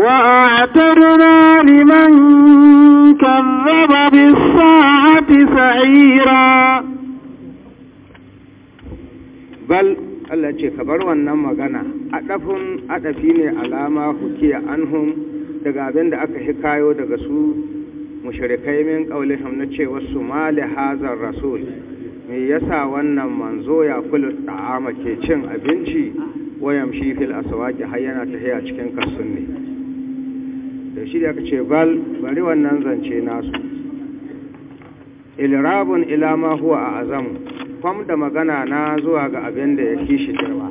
وأعتدنا لمن كذب بالساعة سعيرا بل Allah ce ka bar wannan magana aɗafin aɗafi ne alama hukiya anhum daga abin da aka hikayo daga su mu min qaulihim na ce wasu mali hazar rasul me yasa wannan manzo ya kula da'ama ke cin abinci Wayan shi asawa aswaqi har yana tahiya cikin kasunni da shi da ce bal bari wannan zance nasu ilrabun ila ma huwa a azamu kwam da magana na zuwa ga abin da ya kishi girma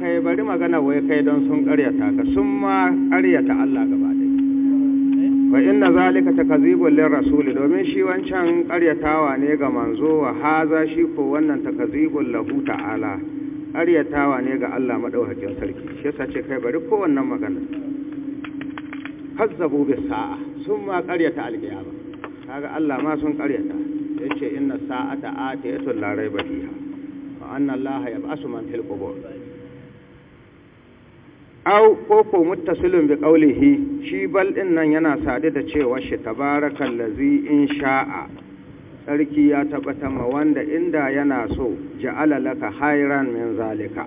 kai bari magana wai kai don sun karyata ka sun ma karyata Allah gaba wa inna zalika takazibul lir rasul domin shi wancan karyatawa ne ga manzo wa haza shi ko wannan takazibul lahu ta'ala karyatawa ne ga Allah madaukakin sarki shi yasa ce kai bari ko wannan magana kazzabu bis sa'a sun ma ƙaryata alkiyama kaga Allah ma sun karyata yace inna sa'ata atiyatun la rayba fiha wa anna Allah yab'asu man fil qubur aw ko ko muttasilun bi qawlihi shi bal din nan yana sade da cewa shi tabarakal ladzi in sha'a sarki ya tabbata ma wanda inda yana so ja'ala laka khairan min zalika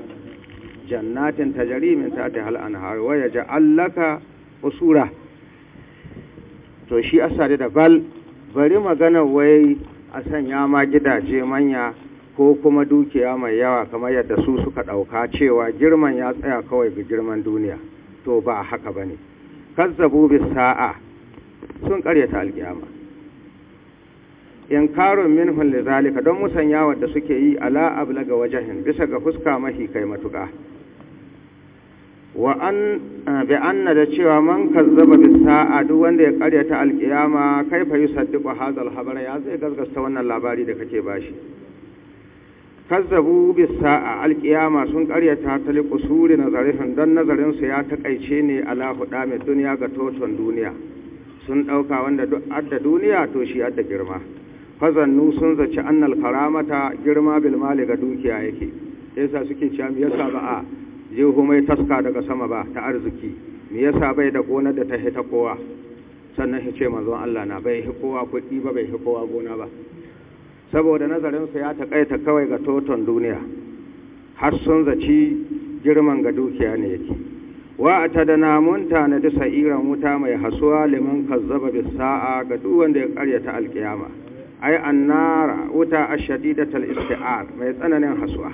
jannatin tajri min tahtiha al-anhar wa yaj'al laka usura to shi asali da bal bari maganar wai a sanya ma gidaje manya ko kuma dukiya mai yawa kamar yadda su suka ɗauka cewa girman ya tsaya kawai ga girman duniya to ba haka ba ne kazzabu bis sa'a sun karyata alkiyama min minhum zalika don musanyawa da suke yi ala ablaga wajahin bisa ga fuska mahi kai matuka. wa an eh, bi anna da cewa man kazzaba bi sa'a duk wanda ya karyata alkiyama kaifa yusaddiqu hadha habara ya zai gaskata wannan labari da kake bashi kazzabu bi sa'a alkiyama sun karyata ta liqusuri nazarihin dan nazarin su ya takaice ne ala huda mai duniya ga toton duniya sun dauka wanda duk adda duniya to shi adda girma fazannu sun zaci annal karamata girma bil mali ga dukiya yake yasa suke cewa yasa ba a jihu mai taska daga sama ba ta arziki me yasa bai da gonar da ta hita kowa sannan hice ce Allah na bai hi kowa kuɗi ba bai hi kowa gona ba saboda nazarinsa ya taƙaita kawai ga toton duniya har sun zaci girman ga dukiya ne yake wa a ta da namun tanadi sa'iran wuta mai hasuwa liman kazzaba bis sa'a ga duk wanda ya ta alkiyama ai annara wuta ashadidatul isti'ar mai tsananin hasuwa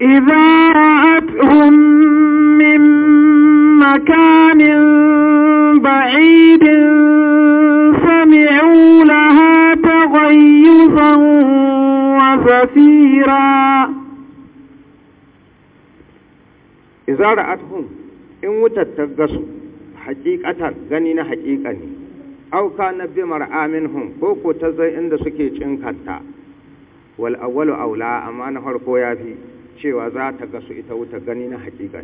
إذا أتهم من مكان بعيد سمعوا لها تغيظا وزفيرا إذا رأتهم إن وتتقصوا حقيقة غنينا حقيقة auka na bi mar'aminhum ko ko ta zai inda suke cinkanta wal awwalu aula amma na farko fi. cewa za ta gasu ita wuta gani na hakika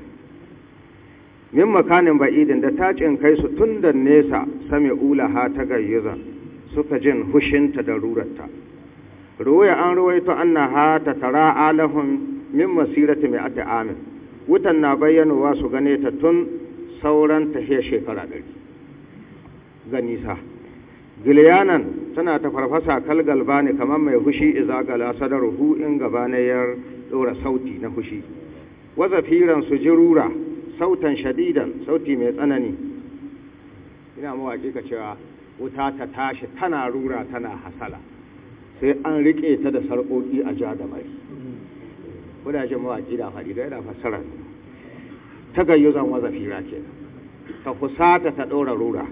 ne min makanin ba'idin da ta kai su tun da nesa same ula ha ta gayyaza suka jin hushinta da rurarta ruwaya an ruwaito ha ta tara alahun min masirati mai ati amin wutan na bayyanowa su gane ta tun sauran tahiyar shekara ɗari ga nisa giliyanan tana ta farfasa kalgalba ne kamar mai hushi izagala sadaruhu in gabanayar ɗora sauti na fushi su ji rura, sautan shadidan sauti mai tsanani ina mawaƙi ka cewa wuta ta tashi tana rura tana hasala sai an riƙe ta da sarƙoƙi a ja da mai shi mawaƙi da faɗi da yana fassara ta gayyo zan waza fira ke ta kusata ta ɗora rura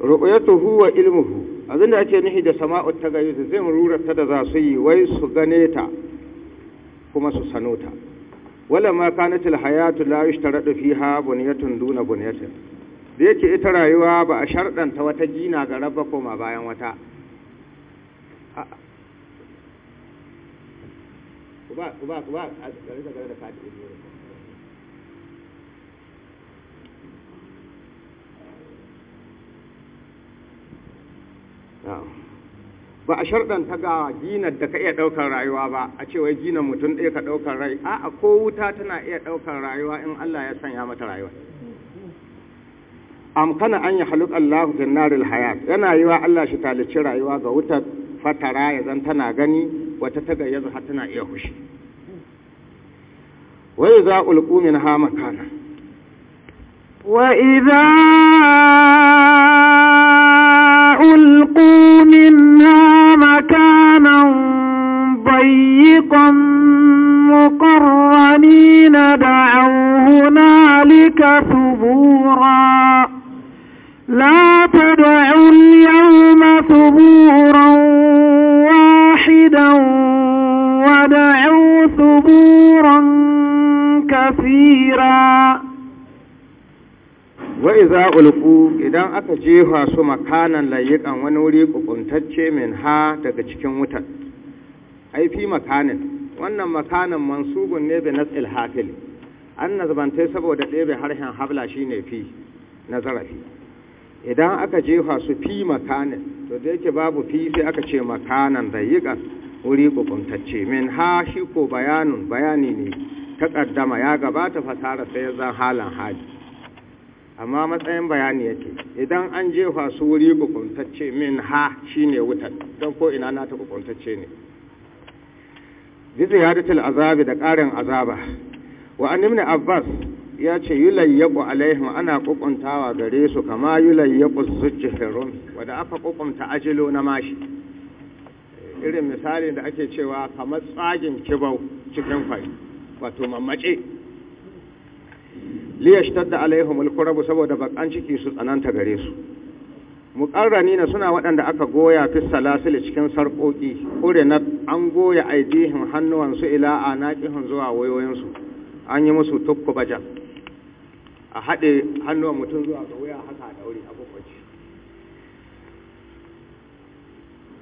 ru'yatuhu wa ilmuhu abin da ake nihi da sama'u ta gayu su zai mururar ta da za su yi wai su gane ta kuma su sano ta wala ma kanatil hayatu la yushtaradu fiha bunyatun duna bunyatin da yake ita rayuwa ba a shardanta wata gina ga rabba koma bayan wata ku ba ku ba ku ba a da da ba a ta ga jinar da ka iya ɗaukar rayuwa ba a ce wai jinar mutum ɗaya ka ɗaukar rai a a ko wuta tana iya ɗaukar rayuwa in Allah ya sanya mata rayuwa kana an yi haluk Allah jannarin hayat yana yi wa Allah shi talici rayuwa ga wuta fatara ya zan tana gani wata ta gayyazu har tana iya hushi wai za ulqu min ha makana wa idan. فألقوا منها مكانا ضيقا مقرنين دعوا هنالك ثبورا لا تدعوا اليوم ثبورا واحدا ودعوا ثبورا كثيرا wa iza ulqu idan aka jefa su makanan layikan wani wuri kukuntacce min ha daga cikin wutar ai fi makanin wannan makanan mansubun ne bi nasil hafil an nazbantai saboda ɗebe harshen habla shine fi na zarafi idan aka jefa su fi makanin to da yake babu fi sai aka ce makanan layikan wuri kukuntacce min ha shi ko bayanun bayani ne ta kaddama ya gabata fasara sai zan halan hali amma matsayin bayani yake idan an jefa su wuri kukuntacce min ha shine wutar don ko ina na ta kukuntacce ne bizu ya azabi da ƙarin azaba wa an ibn abbas ya ce yulayyaku alaihim ana kukuntawa gare su kama yulayyaku sujjihin rum wanda aka kukunta ajilo na mashi irin misali da ake cewa kamar tsagin kibau cikin fari wato mammace liyashtadda alaihim alkurabu saboda bakan ciki su tsananta gare su muqarrani na suna waɗanda aka goya fi salasil cikin sarkoki urinat an goya aidihin su ila anaqihim zuwa wayoyinsu an yi musu tukku baja a hade hannuwan mutum zuwa ga waya haka daure a kwakwaci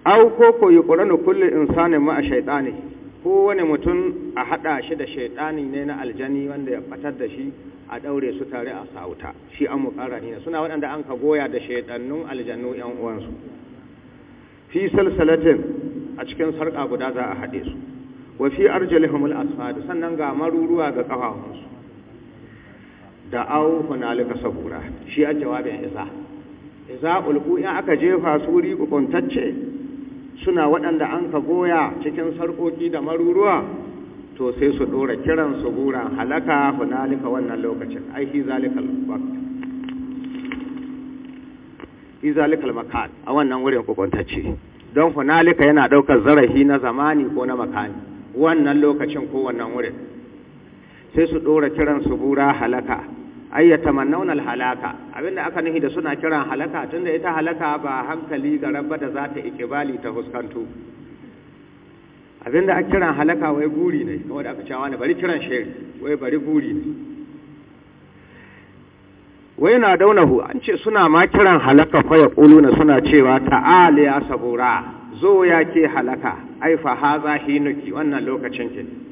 au koko yuqranu kullu insani ma shaytani kowane mutum a haɗa shi da shaiɗani ne na aljani wanda ya fatar da shi a ɗaure su tare a sauta shi an mukara ne suna waɗanda an ka goya da shaiɗannun aljannu ‘yan uwansu fi salsalatin a cikin sarƙa guda za a haɗe su wa fi arjalihumul asfad sannan ga maruruwa ga ƙafafunsu da au hunalika sabura shi a jawabin isa isa ulku in aka jefa su wuri suna waɗanda an ka goya cikin sarƙoƙi da maruruwa to sai su ɗora kiran su guran halaka hunalika wannan lokacin aiki zalikal makar fi zalikal makan a wannan wurin hukuntacce don hunalika yana ɗaukar zarafi na zamani ko na makani wannan lokacin ko wannan wurin sai su ɗora kiran su gura halaka ayyata yatamannawna halaka abinda aka nufi da suna kiran halaka tunda ita halaka ba hankali ga rabba da za ta ikibali ta huskanto abinda aka kiran halaka wai guri ne kawai da aka cewa ne bari kiran shehu wai bari guri ne wai na daunahu an ce suna ma kiran halaka fa ya na suna cewa ta'aliya ya sabura zo ya ke halaka ai fa haza hinuki wannan lokacin ki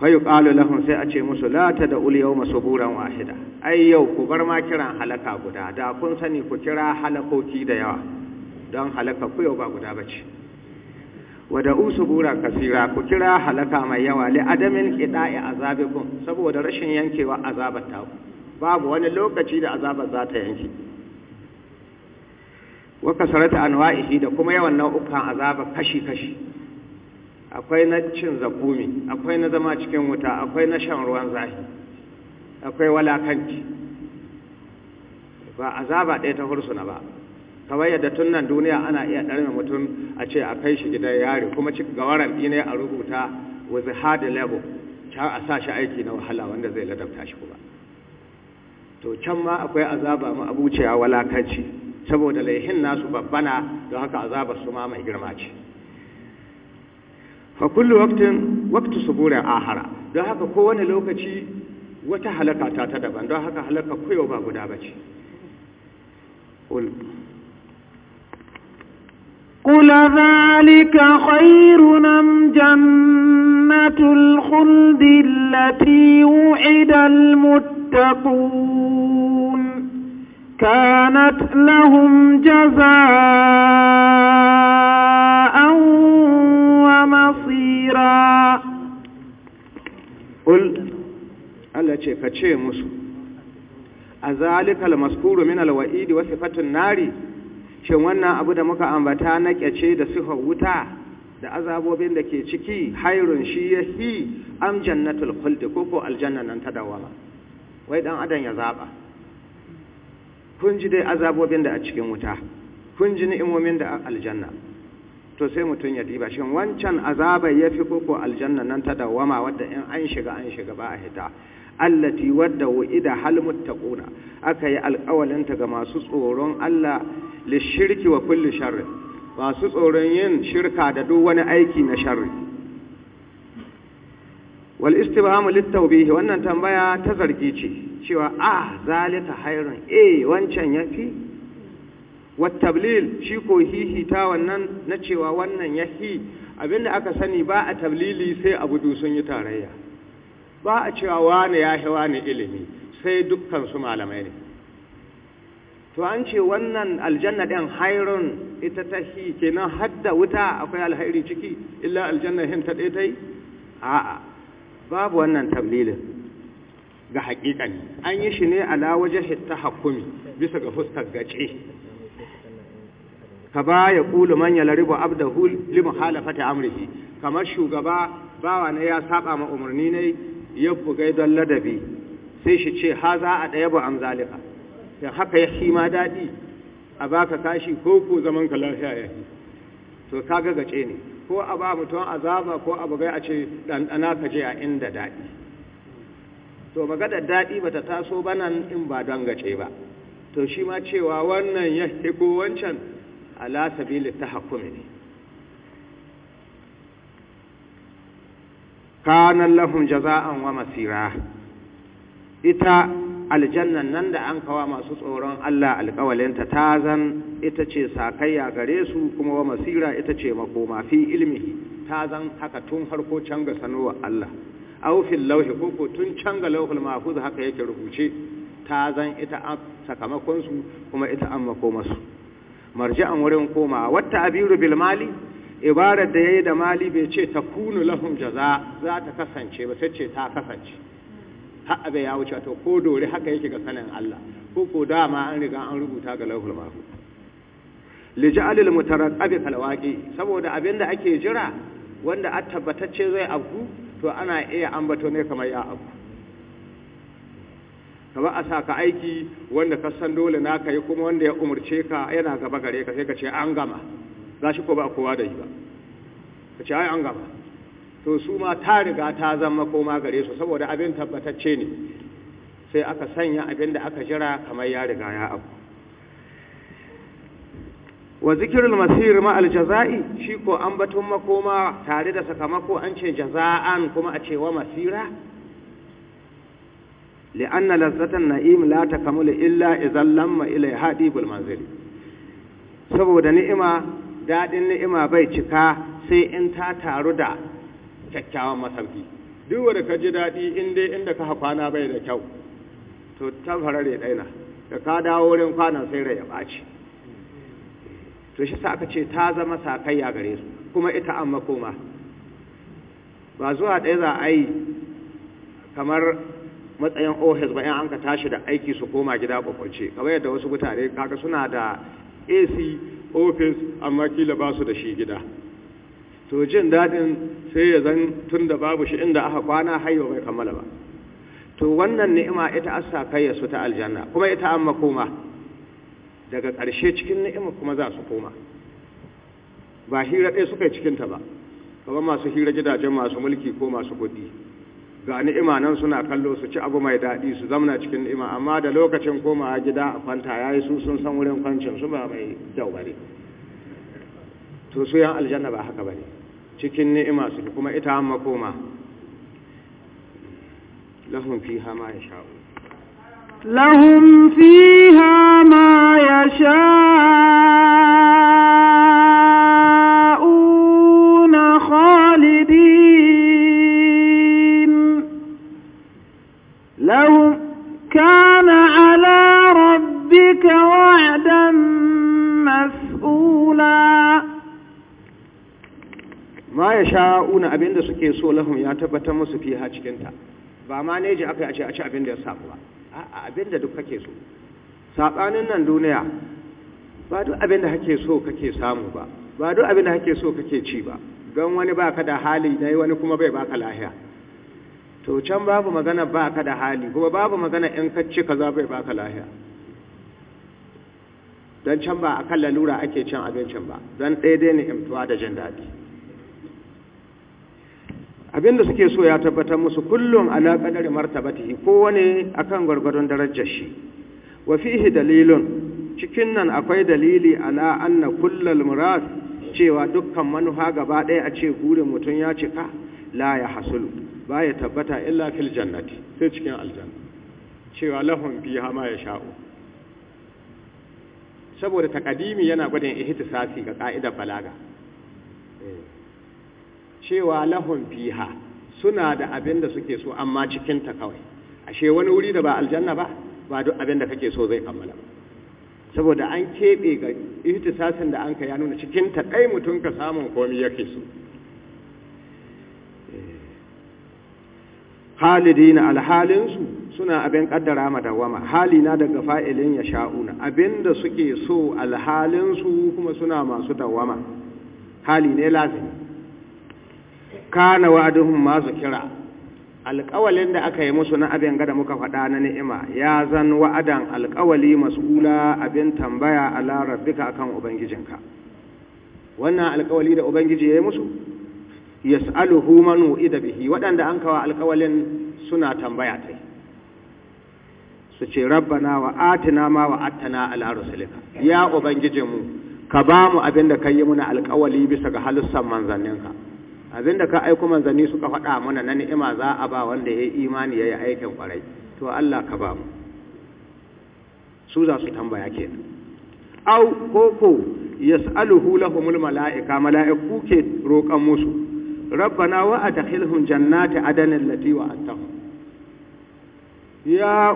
fayu ƙalu lahun sai a ce musu lata da uliyau masu buran wahida ai yau ku bar ma kiran halaka guda da kun sani ku kira halakoki da yawa don halaka ku yau ba guda ba ce da usu bura kasira ku kira halaka mai yawa li adamin ƙida'i azabikun saboda rashin yankewa azabar ta babu wani lokaci da azabar za ta yanke wa kasarata anwa'ihi da kuma yawan nau'ukan azaba kashi kashi akwai na cin zakumi akwai na zama cikin wuta akwai na shan ruwan zahi akwai walakanci ba azaba ɗaya ta hursuna ba kawai yadda tun nan duniya ana iya ɗarme mutum a ce a kai shi gidan yari kuma ci gawaran ne a rubuta with hard level can a sa shi aiki na wahala wanda zai ladabta shi kuma to can ma akwai azaba ma abuciya walakanci saboda laihin nasu babbana don haka azabar su ma mai girma ce fa kullu waqtin waqtu suburin ahara don haka kowane lokaci wata halaka ta ta daban don haka halaka koyo ba guda bace قل ذلك خير أم جنة الخلد التي وعد المتقون كانت لهم جزاء kul Allah ce ka ce musu a zalikal maskuru min alwa'idi wasu fatin nari shin wannan abu da muka ambata na kyace da sifar wuta da azabobin da ke ciki hairun shi yahi am jannatul khuld ko ko aljanna nan ta dawama wai dan adam ya zaba kun ji dai azabobin da a cikin wuta kun ji ni'imomin da aljanna to sai mutum ya diba shin wancan azaba ya fi koko aljanna nan ta dawama wadda in an shiga an shiga ba a hita allati wadda ida hal muttaquna aka yi alƙawalin ta ga masu tsoron Allah li shirki wa kulli sharri masu tsoron yin shirka da duk wani aiki na sharri wal istibhamu lit tawbihi wannan tambaya ta zargi ce cewa ah zalika hayrun eh wancan yafi wattablil shi ko hihita wannan na cewa wannan yahi abinda aka sani ba a tablili sai a gudu sun yi tarayya ba a cewa wane yahi wane ilimi sai dukkan su malamai ne to an ce wannan aljanna din hairun ita tahi kenan hadda wuta akwai alhairi ciki illa aljanna hin ta dai tai a'a babu wannan tablilin ga hakikani an yi shi ne ala wajen hita hakumi bisa ga fuskar gace ka ba ya kulu man yalribu abdahu li muhalafati amrihi kamar shugaba bawa ne ya saba ma umarni ne ya bugai don ladabi sai shi ce ha za a ɗaya ba zalika dan haka ya shi ma dadi a baka kashi ko ko zaman ka lafiya ya to ga gace ne ko a ba mutum azaba ko a bugai a ce ɗanɗana ka je a inda daɗi to daɗi dadi ta taso ba nan in ba don gace ba to shi ma cewa wannan ya ko wancan ala sabili tahakkumi ne kana lahum jaza'an wa masira ita aljannan nan da an kawa masu tsoron Allah alƙawalinta ta zan ita ce sakayya gare su kuma wa masira ita ce makoma fi ilmi ta zan haka tun harko can ga sanowa Allah aw fil koko tun can ga lawhul mahfuz haka yake rubuce ta zan ita sakamakon su kuma ita an makoma su marji'an wurin koma watta abiru bil mali ibarar da yayi da mali bai ce ta kunu lahum jaza za ta kasance ba sai ce ta kasance har abai ya wuce to ko dore haka yake ga sanin Allah ko ko dama an riga an rubuta ga lahul mahu lija'al al mutaraqqabi abin waqi saboda abinda ake jira wanda a tabbatacce zai abu to ana iya ambato ne kamar ya abu Kaba a sa ka aiki wanda ka san dole na ka yi kuma wanda ya umarce ka yana gaba gare ka sai ka ce an gama za shi ko ba kowa da yi ba ka ce ai an gama to su ma ta riga ta zama koma gare su saboda abin tabbatacce ne sai aka sanya abin da aka jira kamar ya riga ya abu wa zikirul masir ma jaza'i shi ko an batun makoma tare da sakamako an ce jaza'an kuma a ce wa masira لأن لذة النعيم لا تكمل إلا إذا لم إليها ديب saboda ni'ima daɗin ni'ima bai cika sai in ta taru da kyakkyawan masauki duk wanda ka ji daɗi in dai inda ka kwana bai da kyau to ta farare daina da ka dawo wurin kwana sai rai ya baci to shi sa aka ce ta zama sakayya gare su kuma ita an makoma ba zuwa ɗaya za a yi kamar matsayin ofis ba 'yan an ka tashi da aiki su koma gida kwakwance kamar yadda wasu mutane kaka suna da ac ofis amma kila ba su da shi gida to jin daɗin sai ya zan tun da babu shi inda aka kwana har mai bai kammala ba to wannan ni'ima ita asa kai su ta aljanna kuma ita an makoma daga ƙarshe cikin ni'ima kuma za su koma ba hira ɗaya suka yi cikinta ba kamar masu hira gidajen masu mulki ko masu kuɗi ga ni'ima nan suna kallo su ci abu mai daɗi su zamna cikin ni'ima amma da lokacin komawa gida a kwanta ya yi su sun san wurin kwancin su ba mai kyau ba ne to su yan aljanna ba haka ba ne cikin ni'ima su kuma ita an makoma lahun fi hama ya sha'u lahun fi hama ya sha'u ya sha'una abinda suke so lahum ya tabbatar musu ha cikin ta ba ma ne ji aka ce a ci abinda ya samu ba a'a abinda duk kake so sabanin nan duniya ba duk abinda kake so kake samu ba ba duk abinda kake so kake ci ba don wani baka da hali dai wani kuma bai baka lahiya to can babu magana baka da hali kuma babu magana in ka ci kaza bai baka lahiya don can ba a kan lalura ake cin abincin ba don ɗaya ne imtuwa da jin daɗi abinda suke so ya tabbatar musu kullum ala qadari martabatihi kowane akan gargadon darajar shi wa fihi dalilun cikin nan akwai dalili ala anna kullal murad cewa dukkan manuha gaba daya a ce burin mutum ya cika la ya hasulu ba ya tabbata illa fil jannati sai cikin aljanna cewa lahum biha ma ya saboda takadimi yana gwada ihtisasi ga ka'idar balaga eh. cewa lahun fiha suna da abin da suke so amma cikinta kawai ashe wani wuri da ba aljanna ba ba duk abin da kake so zai kammala saboda an keɓe ga ihtisasin da an ka ya nuna cikinta ɗai mutum ka samun komi yake so eh. halidina alhalinsu suna abin kaddara madawama halina daga fa'ilin ya sha'una Abin da suke so alhalinsu kuma suna masu dawama hali ne lazimi kana wa'aduhum ma zukira alƙawalin da aka yi musu na abin gada muka faɗa na ni'ima ya zan wa'adan alƙawali mas'ula abin tambaya a larabbika akan ubangijinka wannan alƙawali da ubangiji ya yi musu yas'aluhu man wu'ida bihi waɗanda an kawa alƙawalin suna tambaya ta su ce rabbana wa atina ma wa attana ala rusulika ya ubangijinmu ka ba mu abin da kai muna alƙawali bisa ga halussan manzanninka Abin da ka aiko manzanni suka faɗa mana na ni'ima za a ba wanda ya yi imani ya yi aikin ƙwarai to Allah ka ba mu su za su tambaya ke au koko yas'aluhu lahumul mala'ika mala'iku ke roƙan musu rabbana wa adkhilhum jannati adanin lati wa'adtahum ya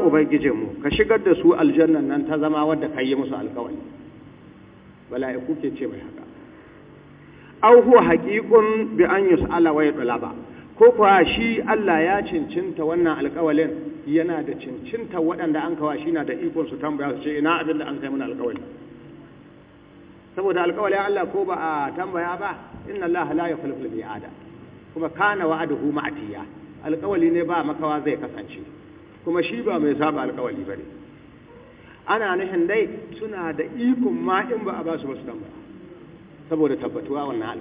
mu ka shigar da su aljannan nan ta zama wadda ka yi musu alƙawari mala'iku ke ce mai haka au huwa haqiqun bi an yus'ala wa yutlaba ko kuwa shi Allah ya cincinta wannan alƙawalin yana da cincinta waɗanda an kawa shi na da ikon su tambaya su ce ina abin da an kai mana alƙawali saboda alƙawalin Allah ko ba a tambaya ba inna Allah la yukhlifu al ada. kuma kana wa'aduhu ma'tiya alƙawali ne ba makawa zai kasance kuma shi ba mai saba alƙawali ne. ana nufin dai suna da ikon ma in ba a ba su ba tambaya saboda tabbatuwa wannan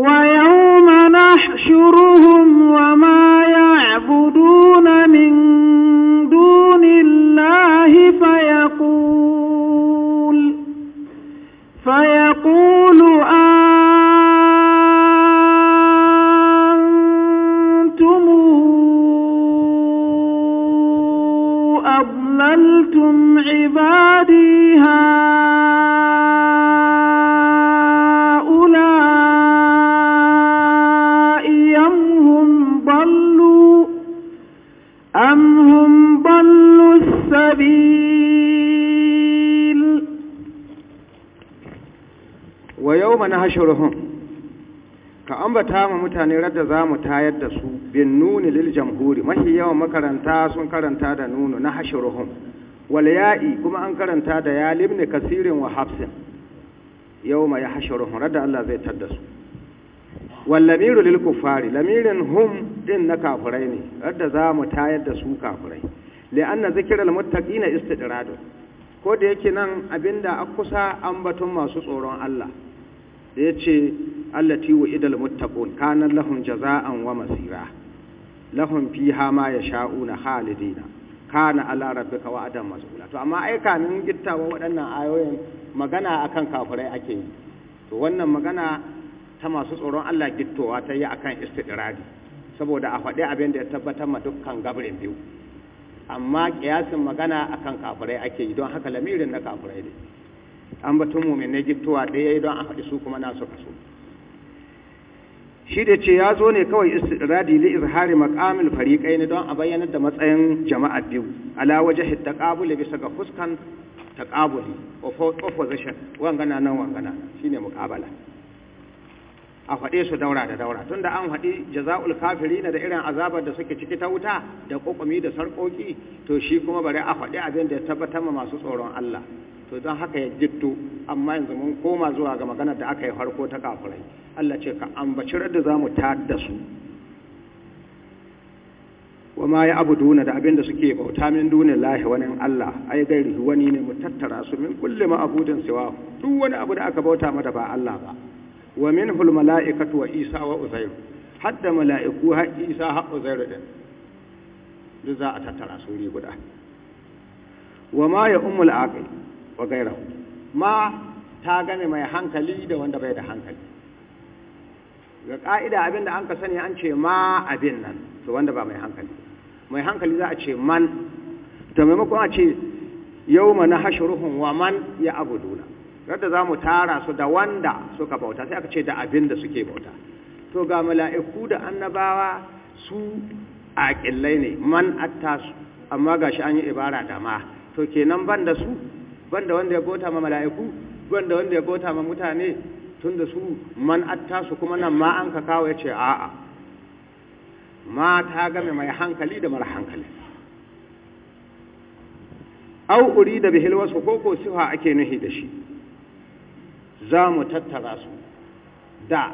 wa yawma nahshuruhu mutane radda za mu tayar da su bin nuni lil jamhuri mahi yawan makaranta sun karanta da nuno na hashiruhum wal ya'i kuma an karanta da ya libni kasirin wa hafsin yawma ya hashiruhum radda Allah zai tadda su wal lamiru lil kuffari lamirin hum din na kafurai ne radda za mu tayar da su kafirai li'anna zikral muttaqina istidrad ko da yake nan abinda akusa ambaton masu tsoron Allah da yace allati wa idal muttaqun kana lahum jaza'an wa masira lahum fiha ma yasha'una khalidina kana ala rabbika wa'adan mas'ula to amma ai kanin gittawa waɗannan ayoyin magana akan kafirai ake yi to wannan magana ta masu tsoron Allah gittowa ta yi akan istidradi saboda a faɗi abin da ya tabbatar ma dukkan gabrin biyu amma kiyasin magana akan kafirai ake yi don haka lamirin na kafirai ne an batun mumin na gittowa ɗaya don a faɗi su kuma nasu kaso shi da ce ya zo ne kawai istiradi li izhari maqamil fariqain don a bayyana da matsayin jama'a biyu ala wajhi taqabul bisa ga fuskan taqabuli of opposition wangana nan wangana shine muqabala a faɗe su daura da daura tunda an faɗi jaza'ul na da irin azabar da suke ciki ta wuta da kokomi da sarkoki to shi kuma bari a faɗi abin da ya tabbatar ma masu tsoron Allah to don haka ya jitto amma yanzu mun koma zuwa ga maganar da aka yi harko ta kafirai Allah ce ka ambaci radda za mu da su wa ma ya abuduna da abin da suke bauta min dunin lahi wani Allah ai gairi wani ne mu tattara su min kulle ma abudin siwa duk wani abu da aka bauta mata ba Allah ba wa minhu almala'ikatu wa isa wa uzairu hadda mala'iku har isa har uzairu din duk za a tattara su ne guda wa ma ya umul aqil wa ghayrahu ma ta gane mai hankali da wanda bai da hankali ga ka'ida abin da an ka sani an ce ma abin nan to wanda ba mai hankali mai hankali za a ce man to maimakon a ce yau mana ruhun wa man ya abuduna yadda za mu tara su da wanda suka bauta sai aka ce da abin da suke bauta to ga mala'iku da annabawa su a ƙillai ne man atta su, amma ga shi an yi ibara da ma to kenan ban da su ban da wanda ya bauta ma mala'iku ban da wanda ya bauta ma mutane tun da su man atta su kuma nan ma an ka kawo ya ce a'a ma ta game mai hankali da mara hankali au uri da bihil wasu koko siwa ake nuhi da shi za mu tattara su da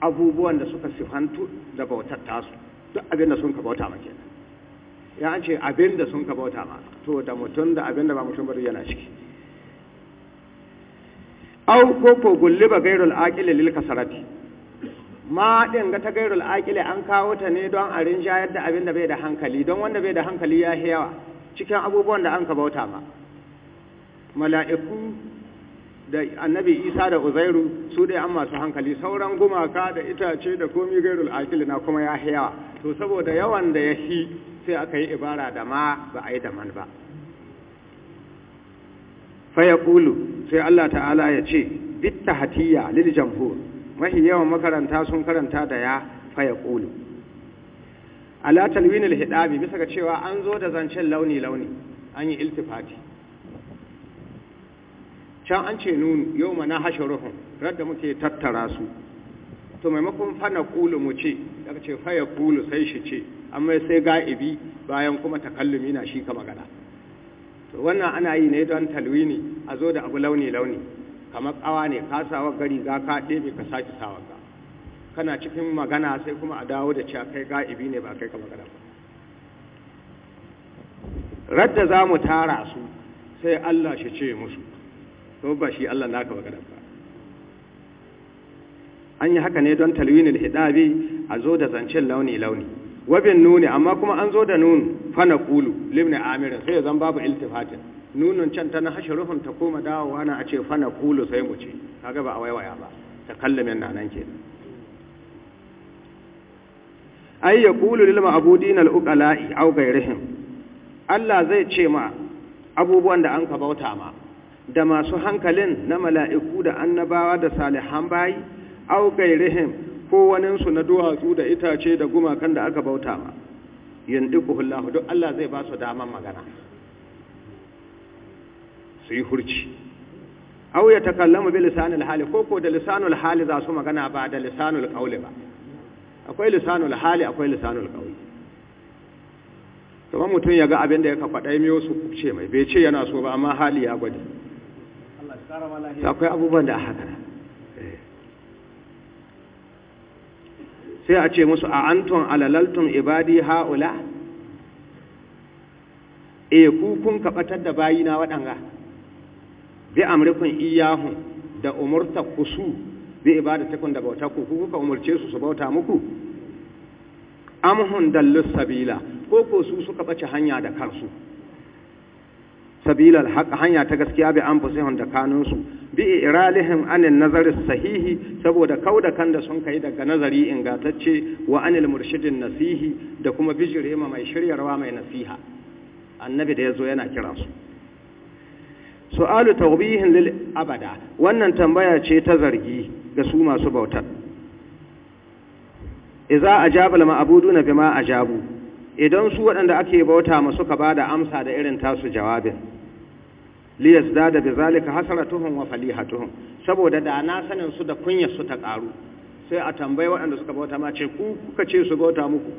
abubuwan da suka sifantu da bautar su duk abin da sun ka bauta ma kenan ya an ce abin da sun ka bauta ma to da mutum da abin da ba mutum bari yana ciki au ko ko gulliba gairul aqili lil kasarati ma din ga ta gairul aqili an kawo ta ne don a rinjayar da abin da bai da hankali don wanda bai da hankali ya yawa cikin abubuwan da an ka bauta ma mala'iku da annabi isa da uzairu su dai an masu hankali sauran gumaka da itace da komi gairul akili na kuma ya yawa to saboda yawan da ya shi sai aka yi ibara da ma ba a yi da man ba faya kulu sai allah ta'ala ya ce bitta hatiya lil jamhur mahi yawan makaranta sun karanta da ya faya kulu ala talwin hidabi bisa ga cewa an zo da zancen launi launi an yi iltifati can an ce nunu yau mana hashe ruhun radda muke tattara su to maimakon fana kulu mu ce daga ce faya kulu sai shi ce amma sai ga'ibi bayan kuma takallumi na shi ka magana to wannan ana yi ne don talwini a zo da abu launi-launi kamar kawa ne ka sawa gari za ka ɗebe ka sake sawa kana cikin magana sai kuma a dawo da cewa kai ga'ibi ne ba kai ka magana ba radda za mu tara su sai Allah shi ce musu kuma ba shi Allah naka magana ba an yi haka ne don talwinin hidabi a zo da zancen launi launi wabin nuni amma kuma an zo da nun fana kulu limni amirin sai zan babu iltifatin nunun can ta na hashe rufin ta koma dawowa na a ce fana kulu sai mu ce kaga ba a waiwaya ba ta kallamin na nan ke ai ya kulu lilma ma'budin al uqala'i aw Allah zai ce ma abubuwan da an ka bauta ma da masu hankalin na mala'iku da annabawa da salihan bayi au gairihim ko waninsu na duwatsu da itace da gumakan da aka bauta ba ku hullahu duk Allah zai ba su daman magana su yi hurci au ya mu bi lisanul hali ko ko da lisanul hali za su magana ba da lisanul kauli ba akwai lisanul hali akwai lisanul kauli. kamar mutum ya ga abin da ya kafa faɗa miyo su kuce mai bai ce yana so ba amma hali ya gwada akwai abubuwan da a haka sai a ce musu a anton alalaltun ibadi ha'ula e ku kun kaɓatar da bayina waɗanga bi amrikun iyahu da umurta kusu bi ibada kun da bauta ku kuka umurce su su bauta muku amhun dallus sabila ko ko su suka bace hanya da kansu sabilal haq hanya ta gaskiya bi an fusihun da kanunsu bi iralihim anin nazari sahihi saboda kauda kan da sun kai daga nazari ingantacce wa anil murshidin nasihi da kuma ma mai shiryarwa mai nasiha annabi da yazo yana kira su su'alu tawbihin lil abada wannan tambaya ce ta zargi ga su masu bautar idza ajaba al ma'buduna bima ajabu idan su waɗanda ake bauta ma suka ba da amsa da irin tasu jawabin liyazdada bizalika hasratuhum wa falihatuhum saboda da na sanin su da kunya su ta karu sai a tambaye waɗanda suka bauta ma ce ku kuka ce su bauta muku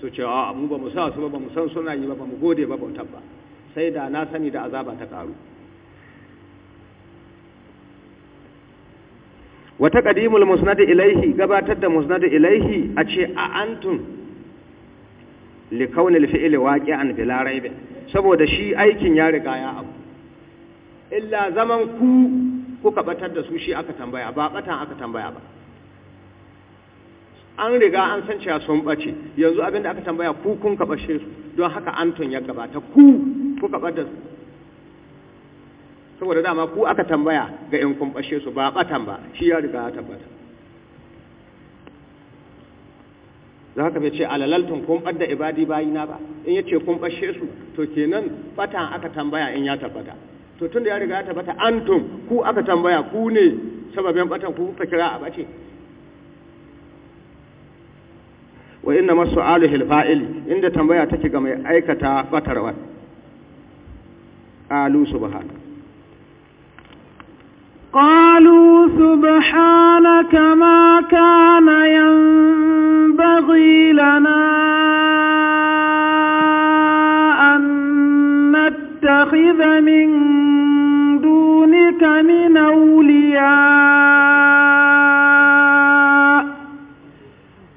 su ce a mu ba mu sa su ba ba mu san suna yi ba ba mu gode ba bautar ba sai da na sani da azaba ta karu wa taqdimul musnad ilayhi gabatar da musnad ilayhi a ce a antum li kaunil fi'li waqi'an bila raib saboda shi aikin ya riga ya abu illa zaman ku kuka batar da su shi aka tambaya ba batan aka tambaya ba an riga an san cewa sun bace yanzu abinda aka tambaya ku kun ka bace su don haka anton ya gabata ku kuka batar su saboda dama ku aka tambaya ga in kun bace su ba batan ba shi ya riga ya tabbata da haka bai ce alalaltun kun ɓadda ibadi bayina ba in yace kun bace su to kenan batan aka tambaya in ya tabbata to tun da ya riga ya bata antum ku aka tambaya ku ne sababin batan ku kuka kira a bace wa inna masu alihil inda tambaya take ga mai aikata batarwar qalu subhana qalu subhanaka ma kana yanbaghi lana an nattakhidha min أولياء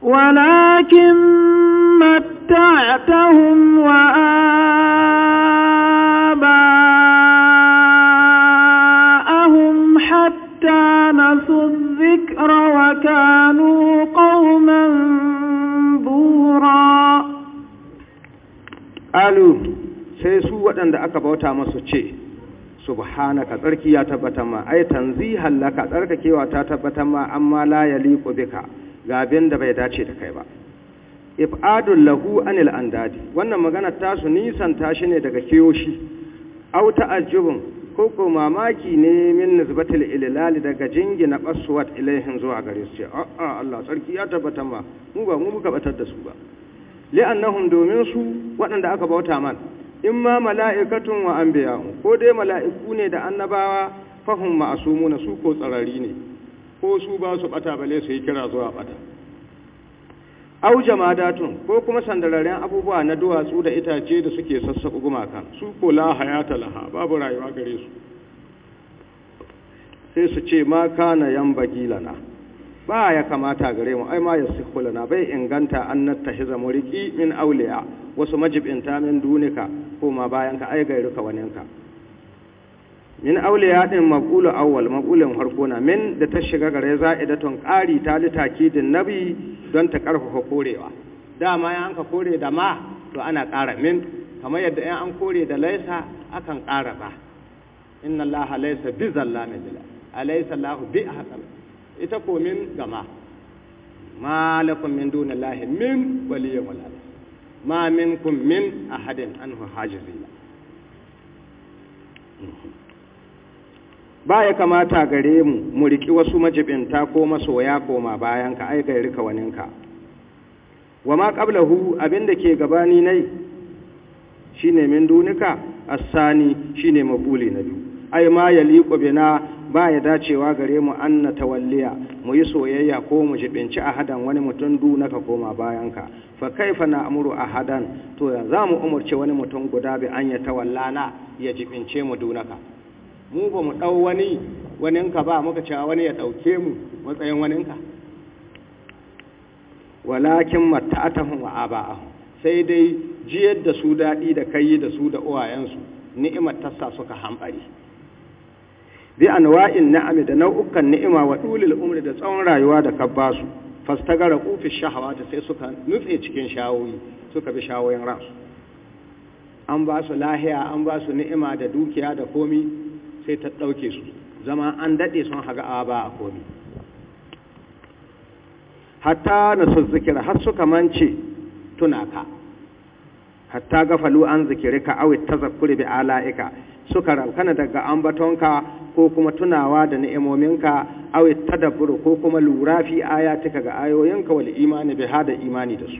ولكن متعتهم وآباءهم حتى نسوا الذكر وكانوا قوما بورا ألو سيسو su waɗanda aka bauta subhanaka tsarki ya tabbata ma ai tanzihan laka tsarkakewa ta tabbata ma amma la yaliqu bika ga abin da bai dace da kai ba ifadul lahu anil andadi wannan magana ta su nisan tashi ne daga kiyoshi au ta'ajjubun ko ko mamaki ne min nisbatil ilal daga jingina baswat ilaihin zuwa gare su a'a Allah tsarki ya tabbata ma mu ba mu muka batar da su ba li'annahum domin su waɗanda aka bauta man in ma mala'ikatun wa biya ko dai mala'iku ne da annabawa fahim muna su ko tsarari ne ko su ba su bata bale su yi kira zuwa ɓata au jama’adatun ko kuma sandararren abubuwa na duwatsu da itace da suke sassaɓu gumakan su ko Laha ya laha babu rayuwa gare su sai su ce ma kana yan bagilana ba ya kamata gare mu ai ma ya sikhulana bai inganta an nattahi zamuriki min auliya wasu majibinta min dunika koma bayan ka ai gairuka waninka min auliya din maqulu awwal maqulin harko na min da ta shiga gare za'idatun qari ta li takidin nabi don ta karfafa korewa dama ya ka kore da ma to ana ƙara min kamar yadda yan an kore da laisa akan ƙara ba inna allaha laisa bi zallamin lil alaysa allahu bi ahqal ita ko min gama malakum min dunillahi min waliyyun wala ma minkum min ahadin anhu hajizina ba ya kamata gare mu mu riki wasu majibinta ko masoya koma bayan ka ai gairi waninka wa ma qablahu abinda ke gabani nai shine min dunika asani shine mabuli na biyu ai ma yaliqu bina ba ya dacewa gare mu an na tawalliya mu yi soyayya ko mu jibinci ahadan wani mutum ka koma bayanka fa kaifa na amuru ahadan to ya za mu umarci wani mutum guda bi an ya tawallana ya jibince mu ka? mu ba mu ɗau wani waninka ba muka cewa wani ya ɗauke mu matsayin waninka walakin mata'atahum wa aba'ahum sai dai jiyar da su daɗi da kai da su da uwayensu ni'imar tassa suka hambari bi anwa'in na'ami da nau'ukan ni'ima wa dulil umri da tsawon rayuwa da ka ba su fastagara kufi shahawa ta sai suka nutse cikin shawoyi suka bi shawoyin ransu an ba su lahiya an ba su ni'ima da dukiya da komi sai ta ɗauke su zama an daɗe sun haga a ba a komi hatta na su zikira har suka mance tunaka hatta gafalu an zikirika awi tazakkuri bi ala'ika suka rankana daga ambatonka ko kuma tunawa da ni'imominka aw tadabbur ko kuma lura fi ayatika ga ayoyinka wal imani biha hada imani da su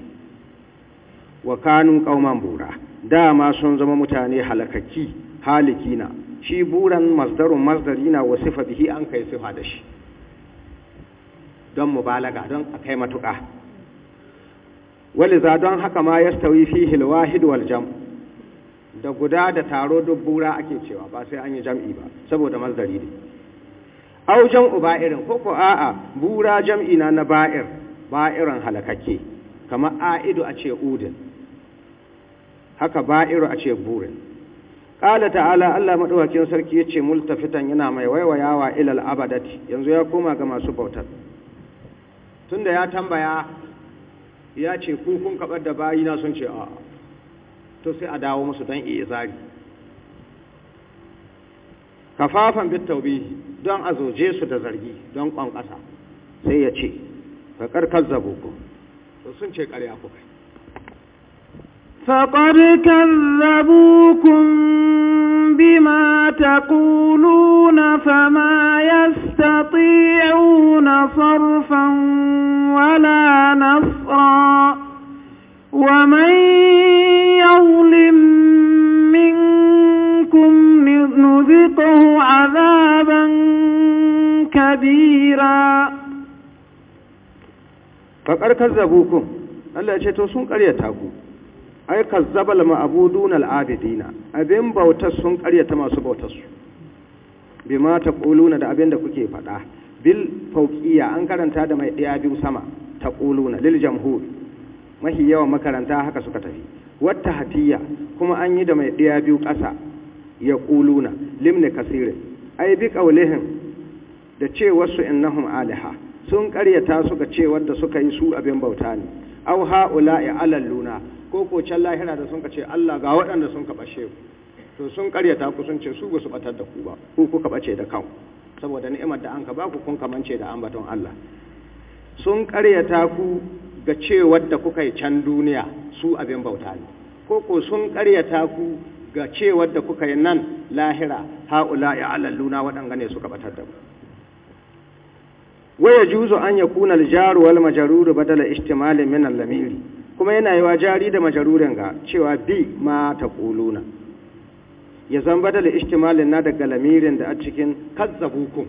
wa kanu qauman bura dama sun zama mutane halakaki halikina shi buran masdarun masdarina wa sifa bihi an kai sifa da shi don mubalaga don akai matuka matuƙa waliza don haka ma yastawi fihi alwahid wal jam' da guda da taro duk bura ake cewa ba sai an yi jam'i ba saboda mazdari ne au jam'u ba'irin ko ko a'a bura jam'i na na ba'ir ba'iran halakake kamar a'idu a ce udin haka ba'iru a ce burin qala ta'ala Allah madaukakin sarki yace multafitan yana mai waiwayawa ilal abadati yanzu ya koma ga masu bautar tunda ya tambaya ya ce ku kun kabar da bayina sun ce a'a to sai a dawo musu don izari kafafan bitaubi don a zoje su da zargi don kwan sai ya ce ka karkar zabo ku to sun ce ƙarya ku kai ma ta bima taquluna fama yastati'una sarfan wala nasra ومن يظلم منكم نذقه عذابا كبيرا فقر كذبوكم Allah ya ce to sun ƙaryata ku ai kazzabal ma'budun al'abidina abin bautar sun ƙaryata masu bautar su bima taquluna da abin da kuke faɗa bil fawqiyya an karanta da mai ɗaya biyu sama taquluna lil jamhur mahi yawan makaranta haka suka tafi wata hatiya kuma an yi da mai ɗaya biyu ƙasa ya ƙuluna limni kasirin ai bi ƙaulihin da ce wasu innahum aliha sun ƙaryata suka ce wadda suka yi su abin bauta ne au alal luna ko ko can lahira da sun ka ce Allah ga waɗanda sun ka bashe to sun ƙaryata ku sun ce su ba su batar da ku ba ku kuka bace da kan saboda ni'imar da an ka ba ku kun kamance da ambaton Allah sun ƙaryata ku ga cewar da kuka yi can duniya su abin bauta ne ko ko sun karyata ku ga cewar da kuka yi nan lahira ha'ula ya alalluna waɗanga ne suka batar da ku waya juzo an ya kuna aljaru wal majaruru badala istimalin min lamiri kuma yana yi wa jari da majarurin ga cewa bi ma ta ya zan badala istimalin na daga lamirin da a cikin kazzabukum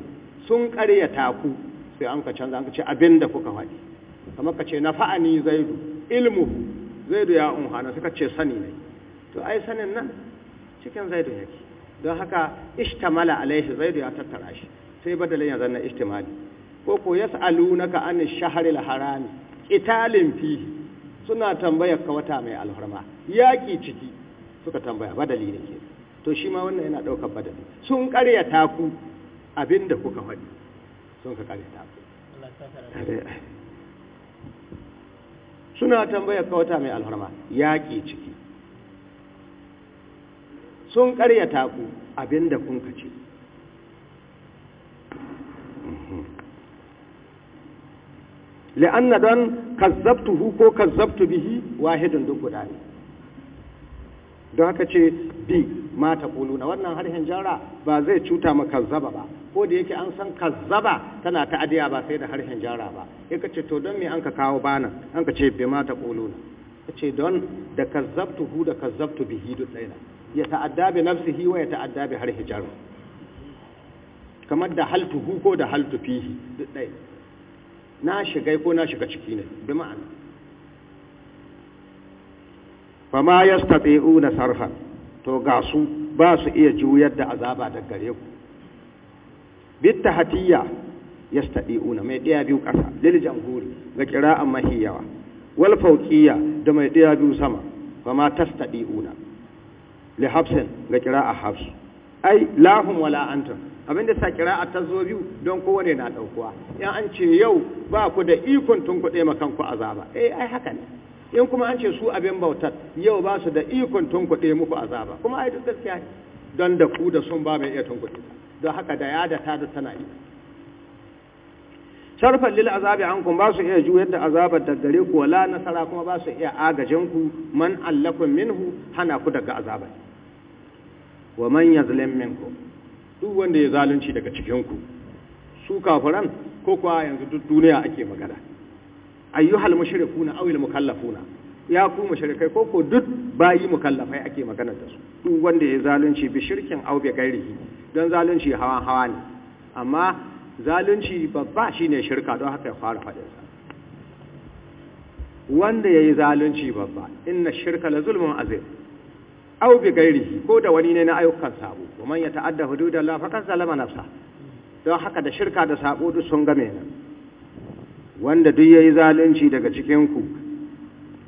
sun karyata ku sai an ka canza an ka ce abin da kuka faɗi kamar ka ce na fa'ani zaidu ilmu zaidu ya na suka ce sani ne to ai sanin nan cikin zaidu yake don haka ishtamala alaihi zaidu ya tattara shi sai badalin ya zanna ishtimali ko ko ka an shahril harami italin fi suna tambayar ka wata mai alhurma yaƙi ciki suka tambaya badali ne ke to shi ma wannan yana ɗaukar badali sun karyata ku abinda kuka faɗi sun ka karya ku suna tambayar kawata mai alfarma yaƙi ciki sun karya taku abinda kun kace la'anna don kazzabtuhu ko kazzabtu bihi wahidun duk guda ne don haka ce bi mata na wannan harshen jara ba zai cuta ma zaba ba ko da yake an san kazzaba tana adiya ba sai da harshen jara ba ya kace to don me an ka kawo bana an ka ce bi ma ta na. kace don da hu da kazzabtu bihi duk tsaina ya ta'adda bi nafsihi wa ya ta'adda bi harshen jar kamar da hu ko da haltu fihi duk ɗaya na shiga ko na shiga ciki ne bi ma'ana fa ma yastati'una sarfa to ga su ba su iya juyar da azaba daga gare ku bitta hatiya yastadi'una mai ɗaya biyu ƙasa lil jamhuri ga qira'an mahiyawa wal fawqiyya da mai ɗaya biyu sama fama tastadi'una li hafsin ga qira'a hafs ai lahum wala antum abinda sa qira'a ta zo biyu don kowane na daukuwa in an ce yau ba ku da ikon tun ku ɗaya kanku azaba eh ai haka ne in kuma an ce su abin bautar yau ba su da ikon tun ku ɗaya muku azaba kuma ai duk gaskiya don da ku da sun ba mai iya tun ku don haka da ya da ta da tana yi sharfan lil azabi kun ba su iya juyar da azabar da gare ku wala nasara kuma ba su iya agajin ku man allakum minhu hana ku daga azabar wa man yazlim minkum duk wanda ya zalunci daga cikin ku su kafiran ko kuwa yanzu duk duniya ake magana ayyuhal mushrikuna awil mukallafuna ya ku mushrikai ko ko duk bayi mukallafai ake magana da su duk wanda ya zalunci bi shirkin aw bi gairihi don zalunci hawan hawa ne amma zalunci babba shine shirka don haka ya fara fadin sa wanda yayi zalunci babba inna shirka la zulmun azim aw bi gairihi ko da wani ne na ayyukan sabo kuma ya ta'adda hududallahi faqad zalama nafsa don haka da shirka da sabo duk sun game nan wanda duk yayi zalunci daga cikin ku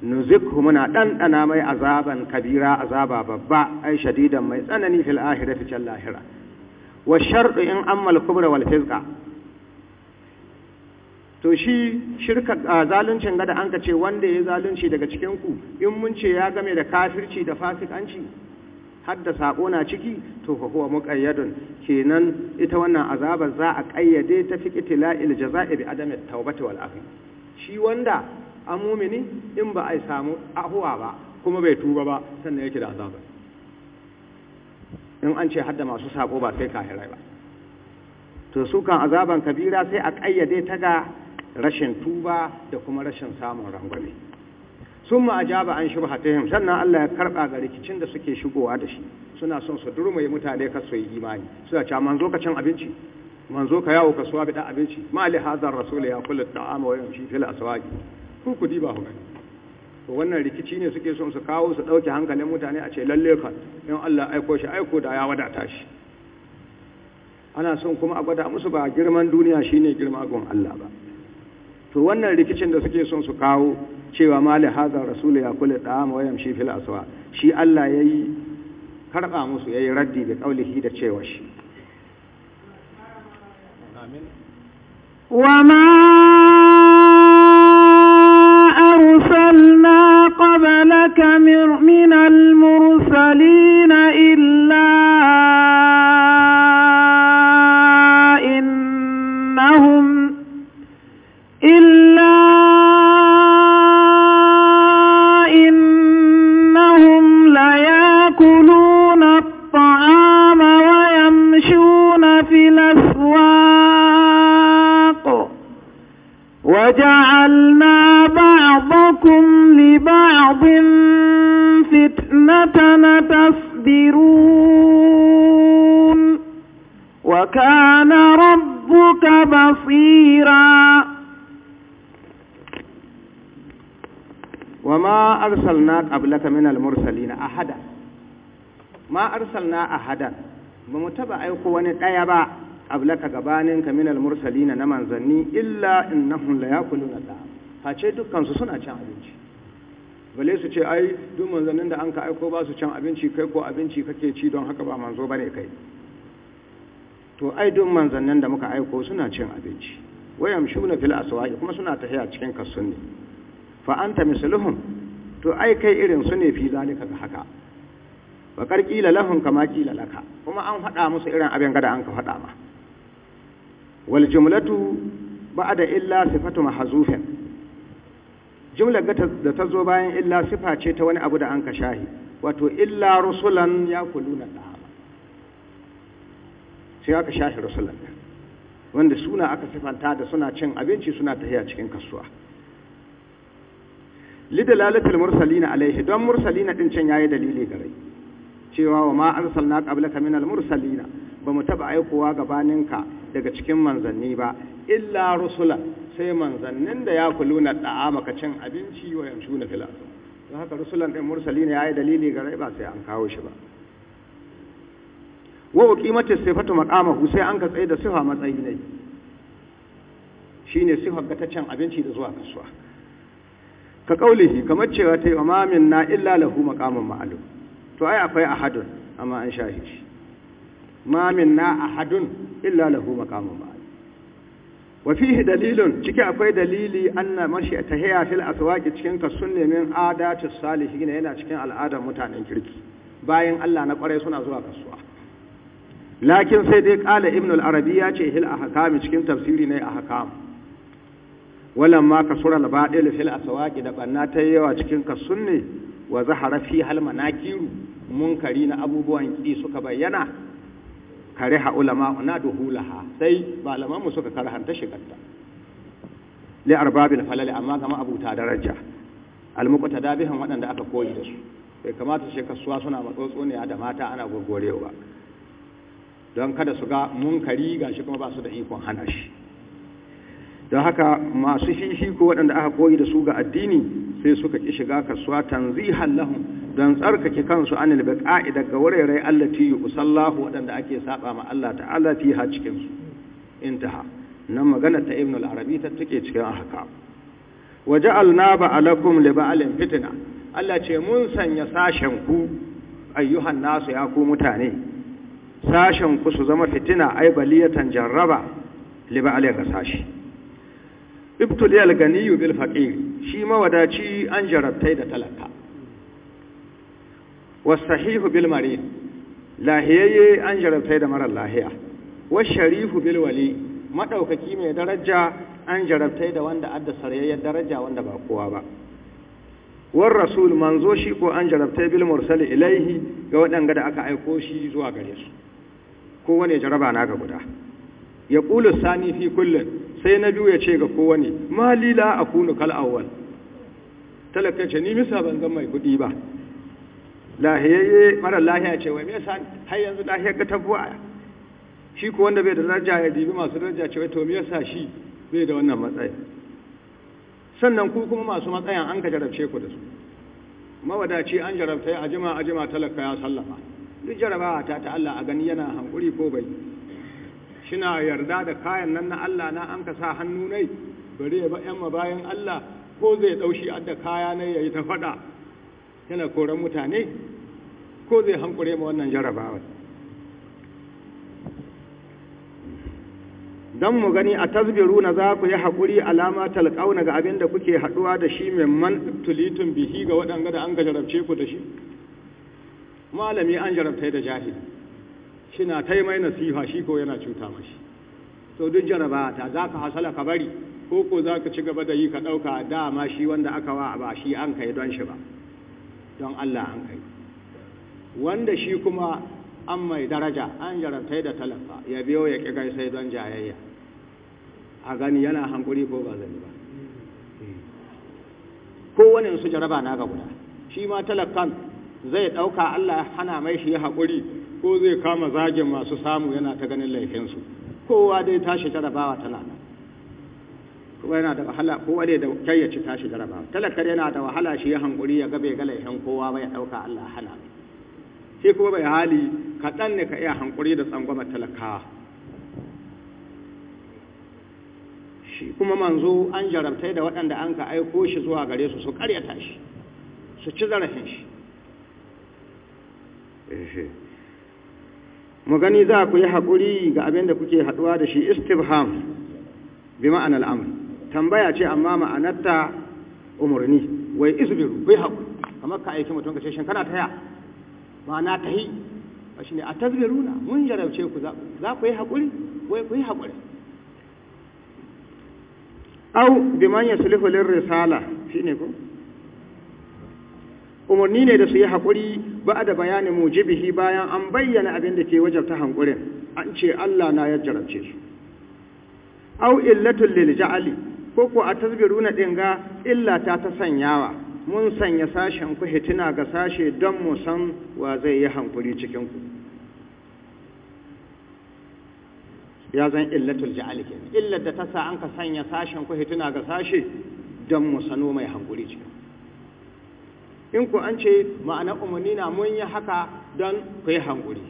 nuzikhu muna ɗanɗana mai azaban kabira azaba babba ai shadidan mai tsanani fil ahirati lahira wa sharɗu in ammal kubra wal to shi shirka zaluncin gada an ka ce wanda ya zalunci daga cikin ku in mun ce ya game da kafirci da fasikanci har da sako na ciki to fa huwa muqayyadun kenan ita wannan azabar za a kayyade ta fi qitla'il jaza'i bi adami tawbati wal afi shi wanda an mumini in ba a samu ahuwa ba kuma bai tuba ba sannan yake da azabar in an ce hadda masu sako ba sai kahirai ba to su kan azaban kabira sai a kayyade ta ga rashin tuba da kuma rashin samun rangwame sun ma ajaba an shubha ta sannan Allah ya karɓa ga rikicin da suke shigowa da shi suna son su mai mutane kar su yi imani suna cewa manzo ka cin abinci manzo ka yawo kasuwa bi dan abinci ma li hadar rasul ya kullu ta'ama wa yamshi fil aswaqi kurkudi ba to wannan rikici ne suke son su kawo su ɗauke hankalin mutane a ce lalle ka in Allah aiko shi aiko da ya wadata shi ana son kuma a gwada musu ba girman duniya shine girma gon Allah ba to wannan rikicin da suke son su kawo cewa mali hazar rasulu ya kula da amma wayam shi fil aswa shi Allah yayi karba musu yayi raddi da kaulihi da cewa shi amin wa ma وجعلنا بعضكم لبعض فتنة تصبرون وكان ربك بصيرا وما أرسلنا قبلك من المرسلين أحدا ما أرسلنا أحدا بمتبع أيقوان الآية بقى ablaka gabanin ka minal mursalina na manzanni illa innahum la yakuluna da face dukkan su suna cin abinci bale su ce ai duk manzannin da an ka aiko ba su cin abinci kai ko abinci kake ci don haka ba manzo bane kai to ai duk manzannin da muka aiko suna cin abinci wayam shuna fil aswaqi kuma suna tafiya cikin kasunni fa anta misluhum to ai kai irin su ne fi zalika ga haka wa qarqila lahum kama qila laka kuma an hada musu irin abin gada an ka hada ma wal jumlatu ba'da illa sifatu mahzufin jumlar da ta zo bayan illa sifa ce ta wani abu da an ka shahi wato illa rusulan ya na sahaba sai aka shahi rusulan wanda suna aka sifanta da suna cin abinci suna tafiya cikin kasuwa lidalalatul mursalina alaihi don mursalina din can yayi dalili gare cewa wa ma arsalna qablaka minal mursalina bamu taba aikowa gabaninka daga cikin manzanni ba illa rusula sai manzannin da ya kuluna da'a maka cin abinci wa yanzu na fila don haka rusulan ɗin mursali ne ya yi dalili ga rai ba sai an kawo shi ba wa uqimati sifatu maqamahu sai an ka tsaye da sifa matsayi ne shine ne ga ta cin abinci da zuwa kasuwa ka kaulihi kamar cewa ta yi wa mamin na illa lahu maqamun ma'lum to ai akwai ahadun amma an shahi shi mamin na a hadun illa lahu maqamun ma'ad wa dalilun ciki akwai dalili anna mashi tahiya fil aswaqi cikin kasun nemin salihi ne yana cikin al'adar mutanen kirki bayan Allah na kwarai suna zuwa kasuwa lakin sai dai kala ibn al-arabi ya ce hil ahkam cikin tafsiri ne ahkam ma kasura al-badil fil aswaki da banna ta yawa cikin kasun ne wa zahara fi hal manakiru munkari na abubuwan ki suka bayyana kare ha ulama na duhulaha sai malaman mu suka karhanta shigarta li arbabil falal amma Abu abuta daraja al muqtada bihan wadanda aka koyi da su bai kamata shi kasuwa suna ne da mata ana gurgurewa. don kada su ga munkari gashi kuma ba su da ikon hana shi don haka masu fifi ko waɗanda aka koyi da su ga addini sai suka ki shiga kasuwa tanzihan lahum don tsarkake kansu anil baqa'i daga wurare allati yusallahu wadanda ake saba ma Allah ta'ala ha cikin su intaha nan magana ta ibn al-arabi ta take cikin haka waja'alna ba'alakum li ba'alin fitna Allah ce mun sanya sashen ku ayyuhan nasu ya ku mutane sashen ku su zama fitina ai baliyatan jarraba li ba'alin sashi ibtul ganiyu bil faqir shi mawadaci an jarabtai da talaka wasahihu bil marid lahiyayye an jarabtai da marar lahiya washarifu bil wali madaukaki mai daraja an jarabtai da wanda adda sarayayyar daraja wanda ba kowa ba war rasul manzo shi ko an jarabtai bil mursal ilaihi ga waɗanda da aka aiko shi zuwa gare su kowane jaraba na ga guda ya ƙulu sani fi kullum sai na biyu ya ce ga kowane lila a kunu kal'awal talaka ce ni misa ban zan mai kuɗi ba lahiyayye mara lahiya ce wai me yasa har yanzu lahiyar ga tabuwa shi ko wanda bai da daraja ya dibi masu daraja ce wai to me yasa shi bai da wannan matsayi sannan ku kuma masu matsayin an ka jarabce ku da su mawadaci an jarabta ya ajima ajima talaka ya sallama duk jarabawa ta ta Allah a gani yana hankuri ko bai shina yarda da kayan nan na Allah na an ka sa hannu nai bari ya ba yan bayan Allah ko zai daushi adda kaya nai yayi ta faɗa, yana koran mutane ko zai hankure ma wannan jarabawa dan mu gani a na za ku yi hakuri alama talqauna ga abinda kuke haɗuwa da shi man tulitun bihi ga waɗanda da an ga jarabce ku da shi malami an jarabtai da jahili shina ta yi mai nasiha shi ko yana cuta mashi to duk jaraba ta za ka hasala ka bari ko ko za ka ci gaba da yi ka ɗauka dama shi wanda aka wa ba shi an kai don shi ba don Allah an kai wanda shi kuma an mai daraja an jarabtai da talafa ya biyo ya ƙi sai don jayayya a gani yana hankuri ko ba zai ba kowane su jaraba na ga guda shi ma talakan zai ɗauka Allah hana mai shi ya haƙuri ko zai kama zagin masu samu yana ta ganin laifinsu kowa dai tashi jarabawa tana nan kuma yana da wahala kowa dai da kayyaci tashi jarabawa talakar yana da wahala shi ya hankuri ya gabe ga laifin kowa ba ya Allah hana sai kuma bai hali kaɗan ne ka iya hankuri da tsangwama talakawa shi kuma manzo an jarabtai da waɗanda an ka aiko shi zuwa gare su su karyata shi su ci zarafin shi eh, eh. mu gani za ku yi haƙuri ga abin da kuke haɗuwa da shi istifham bi ma'anar amur tambaya ce amma ma'anarta umarni wai isbiru bai haƙu kamar ka aiki mutum ka ce kana taya ma'ana ta yi ba shi ne a na mun jarabce ku za ku yi haƙuri wai ku yi haƙuri au bi man yaslihu lir risala shine ko umarni ne da su yi haƙuri ba da bayanin mujibihi bayan an bayyana abin da ke wajarta hankurin an ce Allah na ya jarabce su au illatul lil ja'ali ko ko a tasbiruna din ga illa ta ta sanyawa mun sanya sashen ku hitina ga sashe don mu san wa zai yi hankuri cikin ku ya zan illatul ja'ali ke illar da ta sa an ka sanya sashen ku hitina ga sashe don mu sano mai hankuri cikin in ku an ce ma'ana umarni na mun yi haka don ku yi hankuri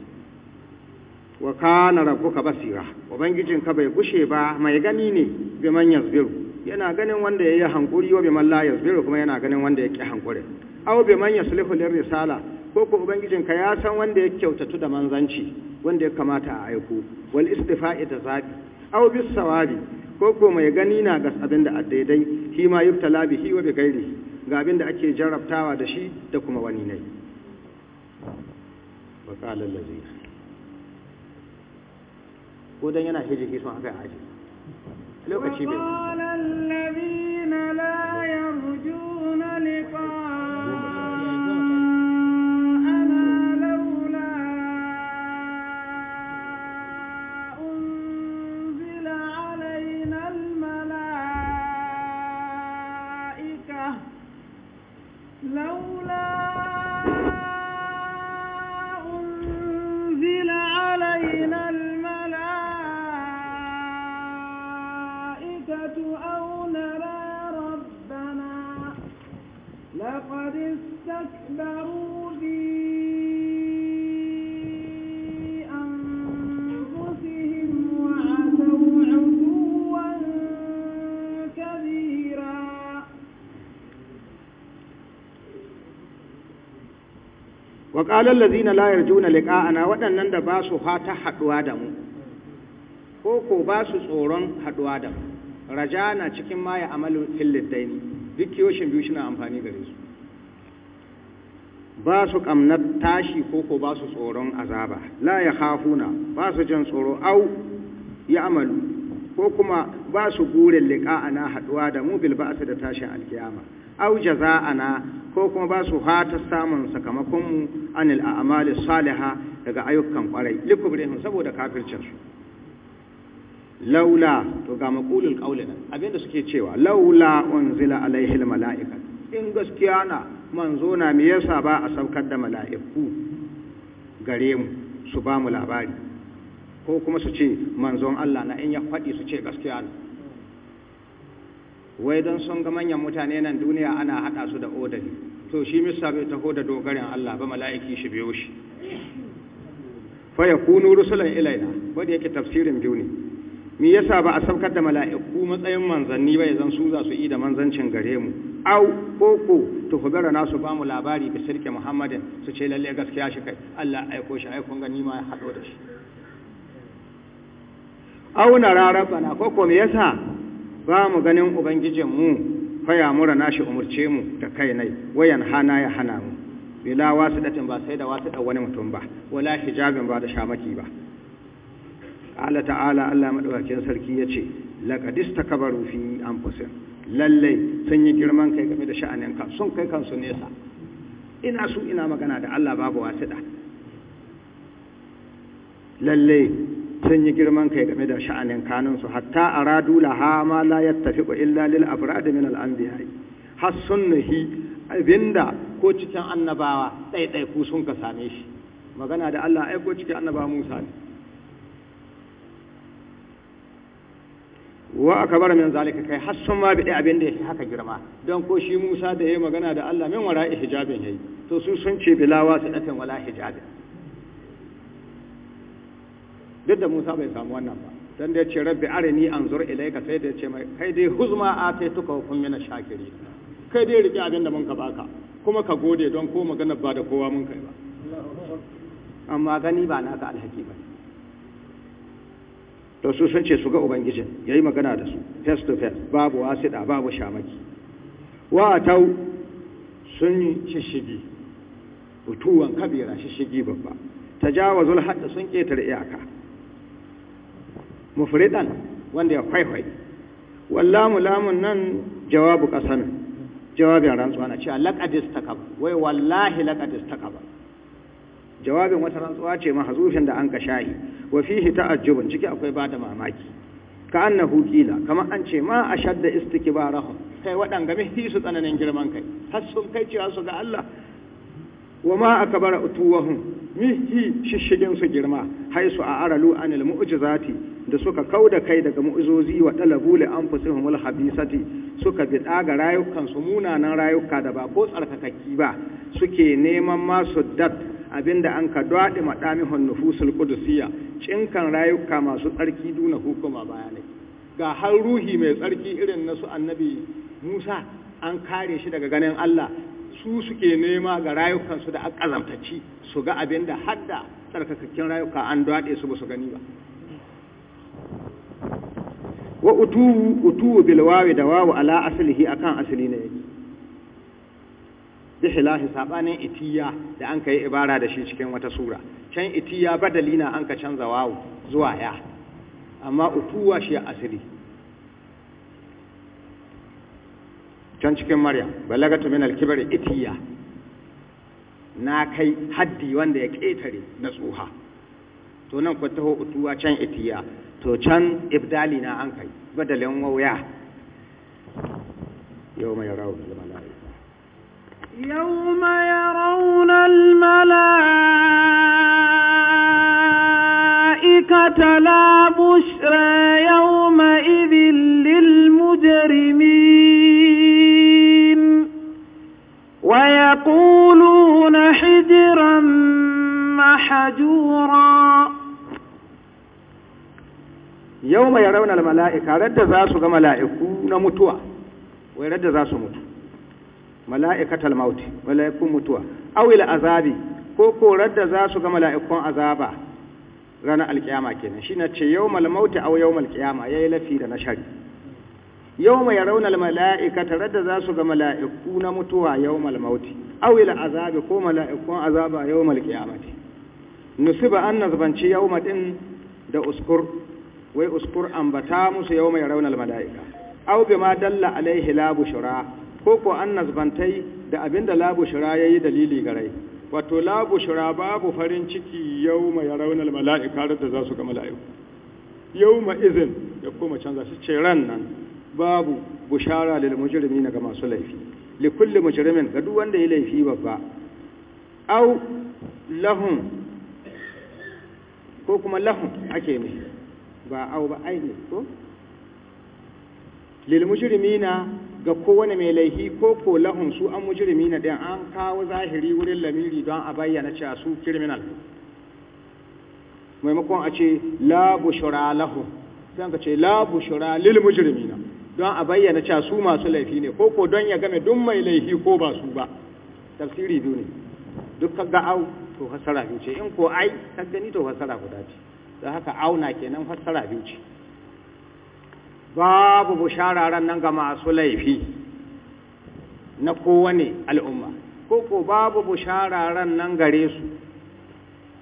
wa ka na rabu ka basira ubangijin ka bai gushe ba mai gani ne bi man yasbiru yana ganin wanda ya yi hankuri wa bi la yasbiru kuma yana ganin wanda ya hankuri aw bi man yaslihu lir risala ko ko ubangijin ka ya san wanda ya kyautatu da manzanci wanda ya kamata a aiko wal istifa'i da zabi aw bis sawabi ko ko mai gani na gas abin da daidai shi ma yubtala bihi wa bi ghairihi ga abin da ake jarabtawa da shi da kuma wani ne ba qala ko dan yana hijiki sun haka aji lokaci bai qala allazina la yarjuna liqa alal ladina la yarjuna liqa'ana waɗannan da ba su fata haduwa da mu ko ko ba su tsoron haduwa da mu raja na cikin maya amalin illitaini duk kiyoshin biyu suna amfani gare su ba su tashi ko ko ba tsoron azaba la ya hafuna ba su jan tsoro au ya amalu ko kuma ba su burin na haɗuwa da mu bil da tashin alkiyama aw jaza'ana ko kuma ba su hata samun sakamakon mu anil a'mali Saliha daga ayyukan kwarai likubrihim saboda kafircin su laula to ga maqulul qawlina abinda suke cewa laula unzila alaihi almala'ika in gaskiya na manzo na me yasa ba a saukar da mala'iku gare mu su ba mu labari ko kuma su ce manzon Allah na in ya faɗi su ce gaskiya ne wai don sun ga manyan mutane nan duniya ana haɗa su da odali to shi mista bai taho da dogarin Allah ba mala'iki shi biyo shi fa ya kunu rusulan ilaina wanda yake tafsirin biyu ne me yasa ba a saukar da mala'iku matsayin manzanni ba yanzu su za su yi da manzancin gare mu au koko to hubara na su ba mu labari da sirke muhammadin su ce lalle gaskiya shi kai Allah aiko shi aikon ganima ya haɗo da shi auna rarraba na ko me yasa ba mu ganin ubangijin mu faya mura nashi umurce mu da kai nai wayan hana ya hana mu bila datin ba sai da wasu da wani mutum ba wala hijabin ba da shamaki ba Allah ta'ala Allah madaukakin sarki yace laqad istakbaru fi anfusih lalle sun yi girman kai game da sha'anin ka sun kai kansu nesa ina su ina magana da Allah babu wasu da lalle sun yi girman kai game da sha'anin kanunsu hatta a radu laha ma la yattafiqu illa lil afrad min al anbiya har sun nahi abinda ko cikin annabawa ɗaiɗai ku sun ka same shi magana da Allah aiko cikin annabawa Musa ne wa akbar min zalika kai har sun ma bidi abin da yake haka girma don ko shi Musa da yayi magana da Allah min wara hijabin yayi to su sun ce bilawa sadatin wala hijabin duk da Musa bai samu wannan ba dan da ce rabbi arini anzur ilayka sai da ce mai kai dai huzma ataituka tuka kun mina shakiri kai dai rike abin da mun ka baka kuma ka gode don ko magana ba da kowa mun kai ba amma gani ba ka alhaki ba to su sun ce su ga ubangijin yayi magana da su face to face babu wasida babu shamaki wa tau sun yi shishigi mutuwan kabira shishigi babba tajawazul hadd sun ketare iyaka mufridan wanda ya kwaikwai wallamu lamun nan jawabu kasan jawabin rantsuwa na cewa laqadis takab wai wallahi laqadis kaba. jawabin wata rantsuwa ce mahzufin da an ka shahi wa fihi ta'ajjubun ciki akwai bada mamaki ka annahu qila kama an ce ma ashadda istikbarahu kai wadan game su tsananin girman kai har sun kai cewa su ga Allah wa ma akbara utuwahum mihi shishigin su girma haisu a aralu anil mu'jizati da suka kauda kai daga mu'izozi wa dalabu li anfusihimul habisati suka bi ga rayukan su munanan rayuka da ba ko tsarkakakki ba suke neman masu dad abinda an ka dwadi madamihun nufusul qudusiyya cinkan rayuka masu tsarki duna hukuma bayanai ga har ruhi mai tsarki irin na su annabi Musa an kare shi daga ganin Allah su suke nema ga rayukansu da akazamtaci su ga abin da hadda tsarkakakken rayuka an daɗe su ba su gani ba wa utuwu utuwu bil wawi da wawu ala aslihi akan asli ne yake bi hilahi sabanin itiya da an kai ibara da shi cikin wata sura can itiya badali na an ka canza wawu zuwa ya amma utuwa shi asli can cikin maryam balagatu min kibar itiya na kai haddi wanda ya ketare na tsoha. to nan ku taho utuwa can itiya to can ibdali na an kai badalin wauya yau mai rauna mala'ika yau mai rauna mala'ika yau mai raunar mala'ika radda za su ga mala'iku na mutuwa wai radda za su mutu mala’ika mauti mala'ikun mutuwa awil azabi ko ko radda za su ga mala'ikun azaba ranar alkiyama kenan shi na ce yau malmauti au yau malkiyama ya yi lafi da na shari yau mai raunar mala'ikata radda za su ga mala'iku na mutuwa yau malmauti awil azabi ko mala'ikun azaba yau malkiyama ce nusu ba an nazbanci yau maɗin da uskur wai uskur ambata musu yau mai raunar mala'ika au bi ma dalla alaihi labu shura ko ko an nazbantai da abinda labu shura ya yi dalili garai wato labu shura babu farin ciki yau mai raunar mala'ika da za su ga mala'iku yau ma izin ya koma canza su ce ran nan babu bushara lil mujrimi ga masu laifi li kulli mujrimin ga duk wanda ya laifi babba au lahum ko kuma lahum ake mai ba au ba ainih ko lil mujrimina ga kowane mai laihi ko ko lahun su an mujrimina don an kawo zahiri wurin lamiri don a bayyana cewa su criminal maimakon a ce la bushra lahu sai ka ce la bushra lil mujrimina don a bayyana cewa su masu laifi ne ko ko don ya game duk mai laifi ko ba su ba tafsiri biyu ne duk kaga au to hasara ce in ko ai kaga ni to hasara guda ce da haka auna kenan fassara biyu ce babu bushararan nan ga masu laifi na kowane al'umma ko ko babu bushararan nan gare su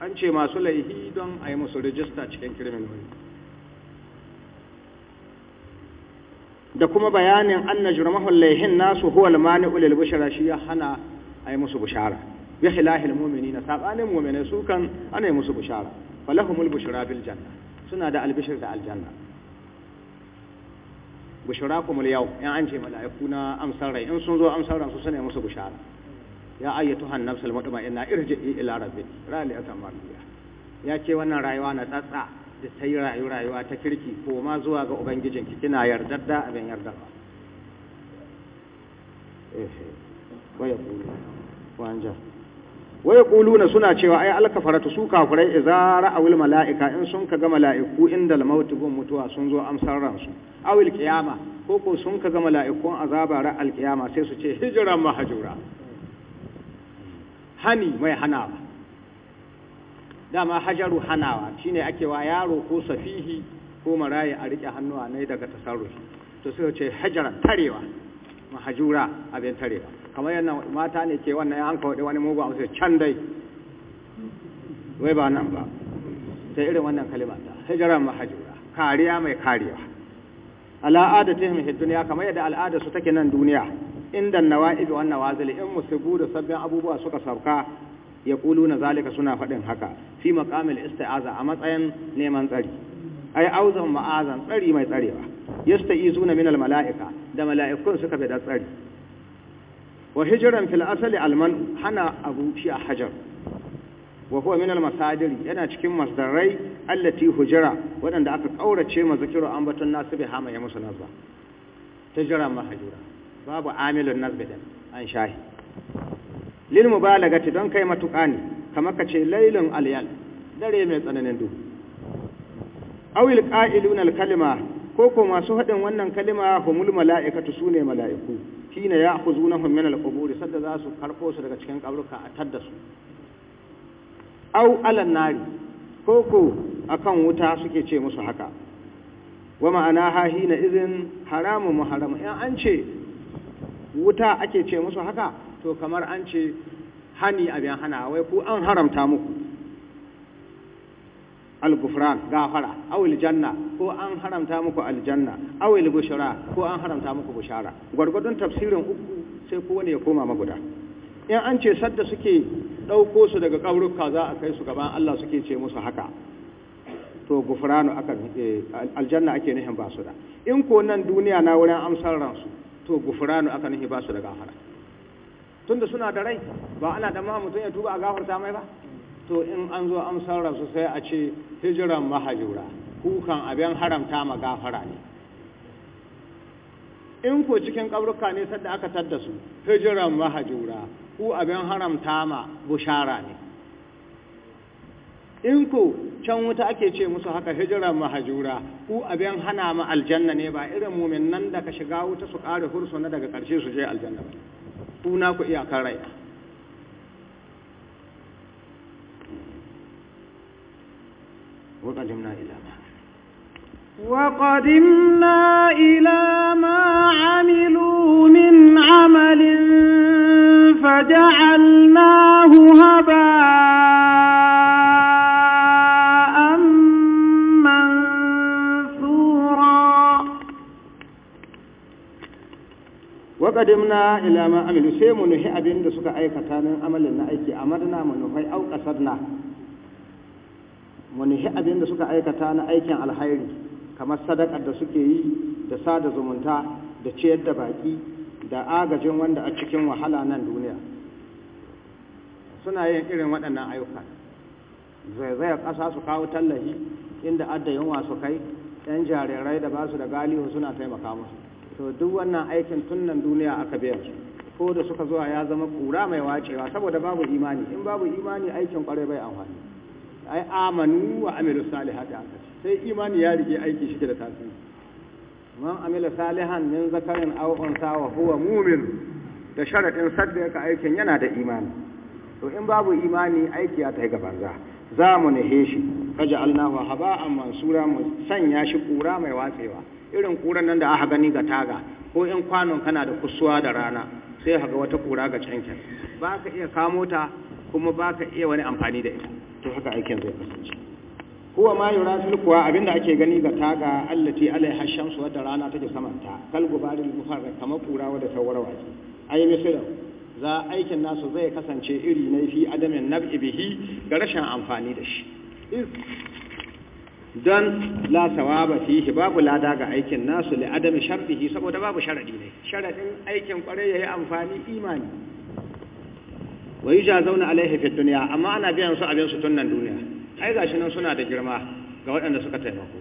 an ce masu laifi don a yi musu rijista cikin wani da kuma bayanin anna jurmahul laihin nasu huwa almani'u lil bushara shi ya hana a yi musu bushara ya hilahil mu'minina sabanin mu'minai su kan ana yi musu bushara falahumul bushra bil janna suna da albishir da aljanna bushra kuma yau in an ce mala'iku na amsar rai in sun zo amsar ran su sune musu bushara ya ayyatu han nafsul mutma'inna irji'i ila rabbik rali mardiya ya ce wannan rayuwa na tsatsa da ta yi rayu rayuwa ta kirki ko ma zuwa ga ubangijinki kina yardar da abin yardar ba eh, eh. wa yaqulu wa anja wai kuluna suna cewa ai alkafaratu su kafirai idza ra'awil mala'ika in sun kaga mala'iku inda al-maut mutuwa sun zo amsar ransu awil qiyama ko ko sun kaga mala'ikun azaba ra al-qiyama sai su ce hijran mahjura hani mai hanawa dama hajaru hanawa shine ake wa yaro ko safihi ko marayi a rike hannuwa ne daga tasarrufi to sai ce hajaran tarewa mahjura abin tarewa kamar yana mata ne ke wannan ya kawo wani mugu wasu can dai wai ba nan ba sai irin wannan kalimata hijira mahajura kariya mai kariya al'ada al'adatihim fi duniya kamar yadda al'ada su take nan duniya inda ibi wannan wazili in musu da sabbin abubuwa suka sauka ya na zalika suna faɗin haka fi makamil isti'aza a matsayin neman tsari ai auzan ma'azan tsari mai tsarewa yasta'izuna min al mala'ika da mala'ikun suka bi da tsari wa hijiran fil asali alman hana abu shi a hajar wa huwa min yana cikin masdarai allati hujira wadanda aka kaurace ma zikiru batun nasibi hama ya musu nasba tajra mahjura babu amilun nasbi dan an shahi lil mubalagati don kai matukani ne kamar ce lailun alyal dare mai tsananin duhu awil qa'iluna al-kalima ko ko masu hadin wannan kalima humul mala'ikatu sune mala'iku hina ya ku na min al-quburi sadda za su karko su daga cikin kaburka a tadda su au alan nari koko akan wuta suke ce musu haka wa ma'ana ha hina izin haramu muharram in an ce wuta ake ce musu haka to kamar an ce hani abin hana wai ku an haramta muku al gafara awil janna ko an haramta muku aljanna awil bushara ko an haramta muku bushara gwargwadon tafsirin uku sai wani ya koma maguda in an ce sadda suke ɗauko su daga ƙauruka za a kai su gaban Allah suke ce musu haka to gufranu aka eh, aljanna ake nihin ba su da in ko nan duniya na wurin amsar ransu to gufranu aka nihin ba su da gafara tunda suna da rai ba ana da ma mutum ya tuba a gafarta mai ba to in an zo amsar rasu sai a ce hijiran mahajura kukan abin haramta ma gafara ne in ko cikin ƙabruka ne sadda aka tadda su hijiran mahajura ku abin haramta ma bushara ne in ko can wuta ake ce musu haka hijiran mahajura ku abin hana ma aljanna ne ba irin mumin nan da ka shiga wuta su kare hursuna daga ƙarshe su je aljanna ba ku na ku iyakar rai وقدمنا إلى ما وقدمنا إلى ما عملوا من عمل فجعلناه هباء منثورا وقدمنا إلى ما عملوا سيمنهي أبين دسوك أي كتان عمل نأيكي أمرنا منهي أو قصدنا wani shi abin da suka aikata na aikin alhairi kamar sadakar da suke yi da sada zumunta da ciyar da baki da agajin wanda a cikin wahala nan duniya suna yin irin waɗannan ayyuka zaizayar ƙasa su kawo tallafi inda adda yunwa su kai ɗan jarirai da ba su da galihu suna taimaka musu to duk wannan aikin tun nan duniya aka biya su ko da suka zuwa ya zama kura mai wacewa saboda babu imani in babu imani aikin ƙwarai bai amfani ai amanu wa amilu salihati an sai imani ya rike aiki shi da tasiri man amila salihan min zakarin aw unsa wa huwa mu'min da sharadin saddaka aikin yana da imani to in babu imani aiki ya tai gaban za za mu nehe shi kaja haba an mansura mu sanya shi kura mai watsewa irin kuran nan da aka gani ga taga ko in kwanon kana da kusuwa da rana sai ka wata kura ga cancan ba ka iya kamo ta kuma ba ka iya wani amfani da ita to haka aikin zai kasance huwa ma kuwa abinda ake gani ga taga allati alaiha shamsu wadda rana take samanta kal gubaril da kamar kura wadda ta warwaje ayi misira za aikin nasu zai kasance iri na fi adamin nab'i bihi ga rashin amfani da shi don la sawaba fihi babu lada ga aikin nasu li adami shartihi saboda babu sharadi ne sharadin aikin kwarai yayi amfani imani wa a alaihi fid duniya amma ana biyan su abin su tunnan duniya ai gashi nan suna da girma ga waɗanda suka taimako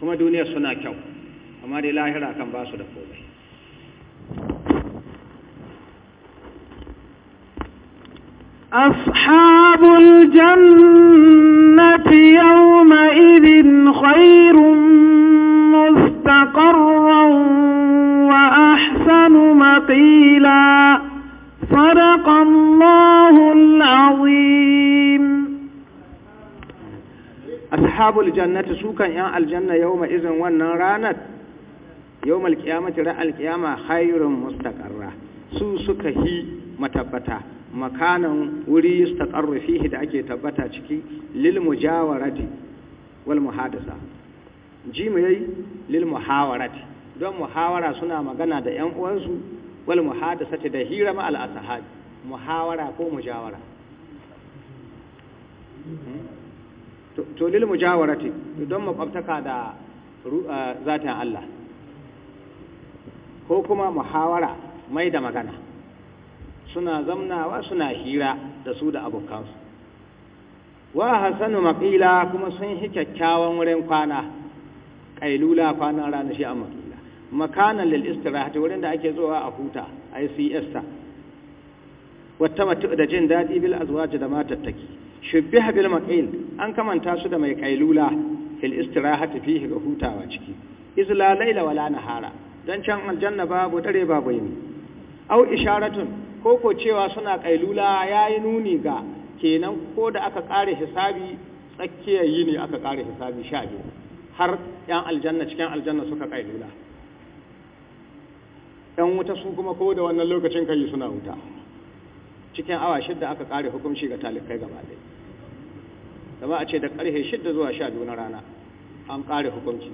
kuma duniya suna kyau amma dai lahira kan ba su da komai أصحاب الجنة يومئذ خير مستقرا وأحسن مقيلاً ashabul jannati sukan yan aljanna yawma izin wannan ranar yawmal qiyamati ra'al qiyama khairun mustaqarra su suka hi matabbata makanan wuri yustaqarru fihi da ake tabbata ciki lil mujawarati wal muhadasa mu yayi lil muhawarati don muhawara suna magana da yan uwansu wal muhadasati da hira ma al ashabi muhawara ko mujawara hmm? to lil mujawarati don makwabtaka da zatan Allah ko kuma muhawara mai da magana suna zamnawa suna hira da su da abokansu wa hasanu maqila kuma sun hi kyakkyawan wurin kwana kailula kwanan rana shi a maqila makanan lil istirahati wurin da ake zuwa a huta ICS ta wata matu da jin daɗi bil azwaji da matattaki shubbiha bil maqil an kamanta su da mai kailula fil istirahati fihi ga hutawa ciki izla laila wala nahara dan can aljanna babu dare babu yini au isharatun ko ko cewa suna kailula yayi nuni ga kenan ko da aka kare hisabi tsakiyar yini aka kare hisabi biyu. har yan aljanna cikin aljanna suka kailula yan wuta su kuma ko da wannan lokacin kai suna wuta cikin awa shidda aka kare hukunci ga talikai gaba ɗaya zama a ce da ƙarfe shidda zuwa sha biyu na rana an kare hukunci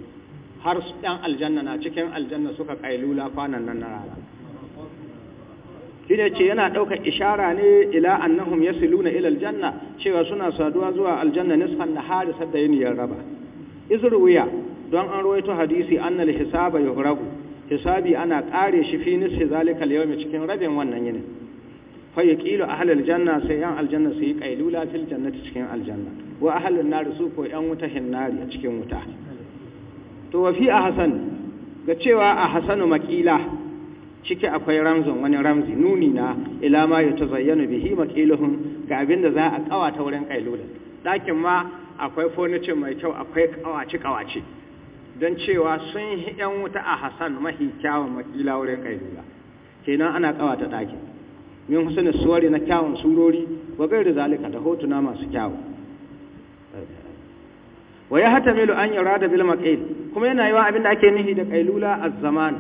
har ɗan aljanna na cikin aljanna suka ƙailula kwanan nan na rana shine ce yana ɗaukar ishara ne ila annahum yasiluna ila aljanna cewa suna saduwa zuwa aljanna nisfan nahari sadda yin raba izruwiya don an rawaito hadisi annal hisaba yuhragu hisabi ana kare shi fi nisfi zalika yawmi cikin rabin wannan yinin kilo a ahlul janna sai yan aljanna su yi qailula fil jannati cikin aljanna wa ahlun nar su ko yan wuta hinnari a cikin wuta to wa fi ahsan ga cewa a ahsanu makila ciki akwai ramzon wani ramzi nuni na ila ta zayyana bihi maqiluhum ga abin da za a kawata wurin qailula dakin ma akwai fonici mai kyau akwai kawace kawace don cewa sun yi yan wuta a hassan mahi kyawun makila wurin kailula kenan ana kawata ɗakin min husna suwari na kyawun surori wa gairu zalika da hotuna masu kyawu wa ya milu an irada bil maqil kuma yana wa abinda ake nihi da qailula az-zaman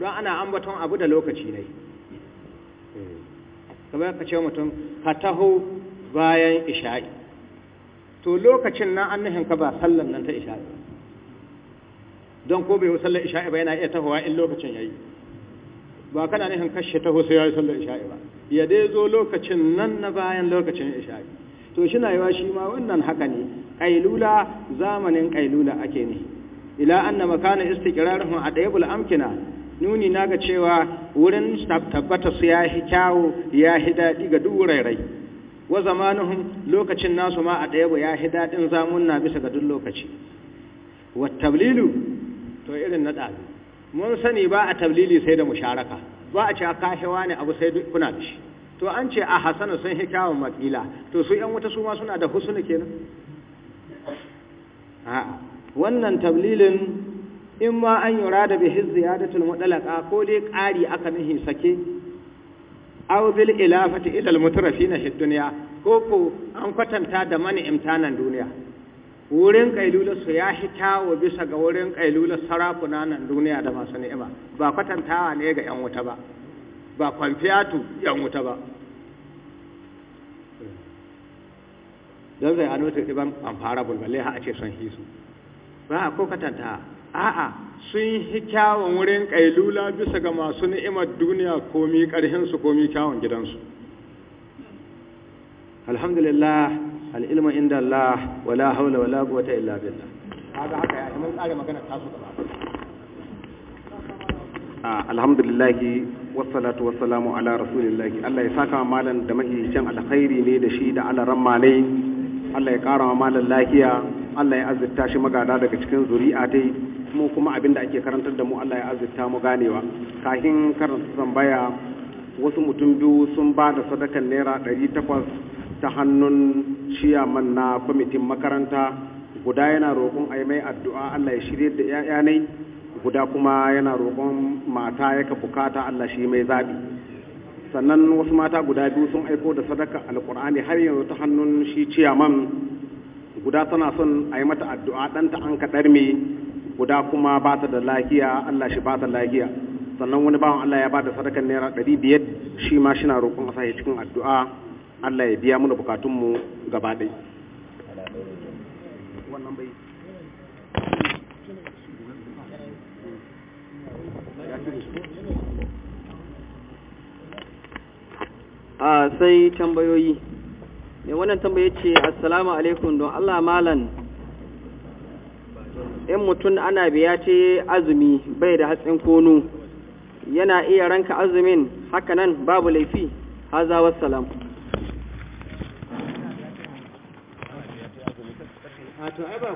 don ana ambaton abu da lokaci ne kamar ka ce mutum ka taho bayan isha'i to lokacin na an nihin ka ba sallan nan ta isha'i don ko bai sallar isha'i ba yana iya tahowa in lokacin yayi ba kana han kashe taho sai ya sallar isha'i ba ya dai zo lokacin nan na bayan lokacin isha'i to shi na yawa shi ma wannan haka ne ƙailula zamanin ƙailula ake ne ila anna makana istiqrarhum a daybul amkina nuni naga ga cewa wurin tabbata su ya hi kyawo ya hi daɗi ga duk rairai wa zamanuhum lokacin nasu ma a ɗaya ya hi daɗin zamunna bisa ga duk lokaci wa tablilu to irin na ɗalu mun sani ba a tablili sai da musharaka ba a ce a kashe wani abu sai kuna da shi to an ce a hasana sun yi kyawun makila to su yan wata su ma suna da husuna kenan a wannan tablilin in ma an yura da bihi ziyadatul mudalaqa ko dai ƙari aka nihi sake aw bil ilafati ila al na fi dunya ko ko an kwatanta da mani imtanan duniya wurin su ya hita wa bisa ga wurin ƙailular sarakuna nan duniya da masu ni'ima ba kwatantawa ne ga 'yan wuta ba ba kwamfiyatu 'yan wuta ba don zai hannu ta ɗiban amfara bulbale ha a ce son hisu ba a ko kwatantawa a'a sun yi kyawun wurin ƙailula bisa ga masu ni'imar duniya komi ƙarhinsu komi kyawun gidansu alhamdulillah al'ilma inda Allah wala haula wala quwwata illa billah kaga haka ya mun tsare magana ah, alhamdulillah wassalatu wassalamu ala rasulillah Allah ya saka malan da mahicin alkhairi ne da shi da alaran malai Allah ya kara malan lafiya Allah ya azurta shi magada daga cikin zuri'a tai. mu kuma abinda ake karantar da mu Allah ya azurta mu ganewa kafin karanta zambaya wasu mutum biyu sun ba da sadakan naira 800 ta hannun ciyaman na kwamitin makaranta guda yana roƙon a yi mai addu'a Allah ya shirye da ‘ya'ya ne guda kuma yana roƙon mata ya ka bukata Allah shi mai zaɓi sannan wasu mata guda biyu sun aiko da sadaka alƙur'ani har yanzu ta hannun shi ciyaman guda tana son a yi mata addu'a ɗanta an kaɗar me guda kuma ba ta da lafiya Allah shi ba ta lafiya sannan wani bawan Allah ya ba da sadakan naira ɗari biyar shi ma shi na roƙon a cikin addu'a Allah ya biya muna bukatunmu gaba ɗai a sai tambayoyi mai wannan tambaye ce assalamu alaikum don Allah malan in mutum ana biya ce azumi bai da hatsin konu yana iya ranka azumin hakanan babu laifi haza wassalam However.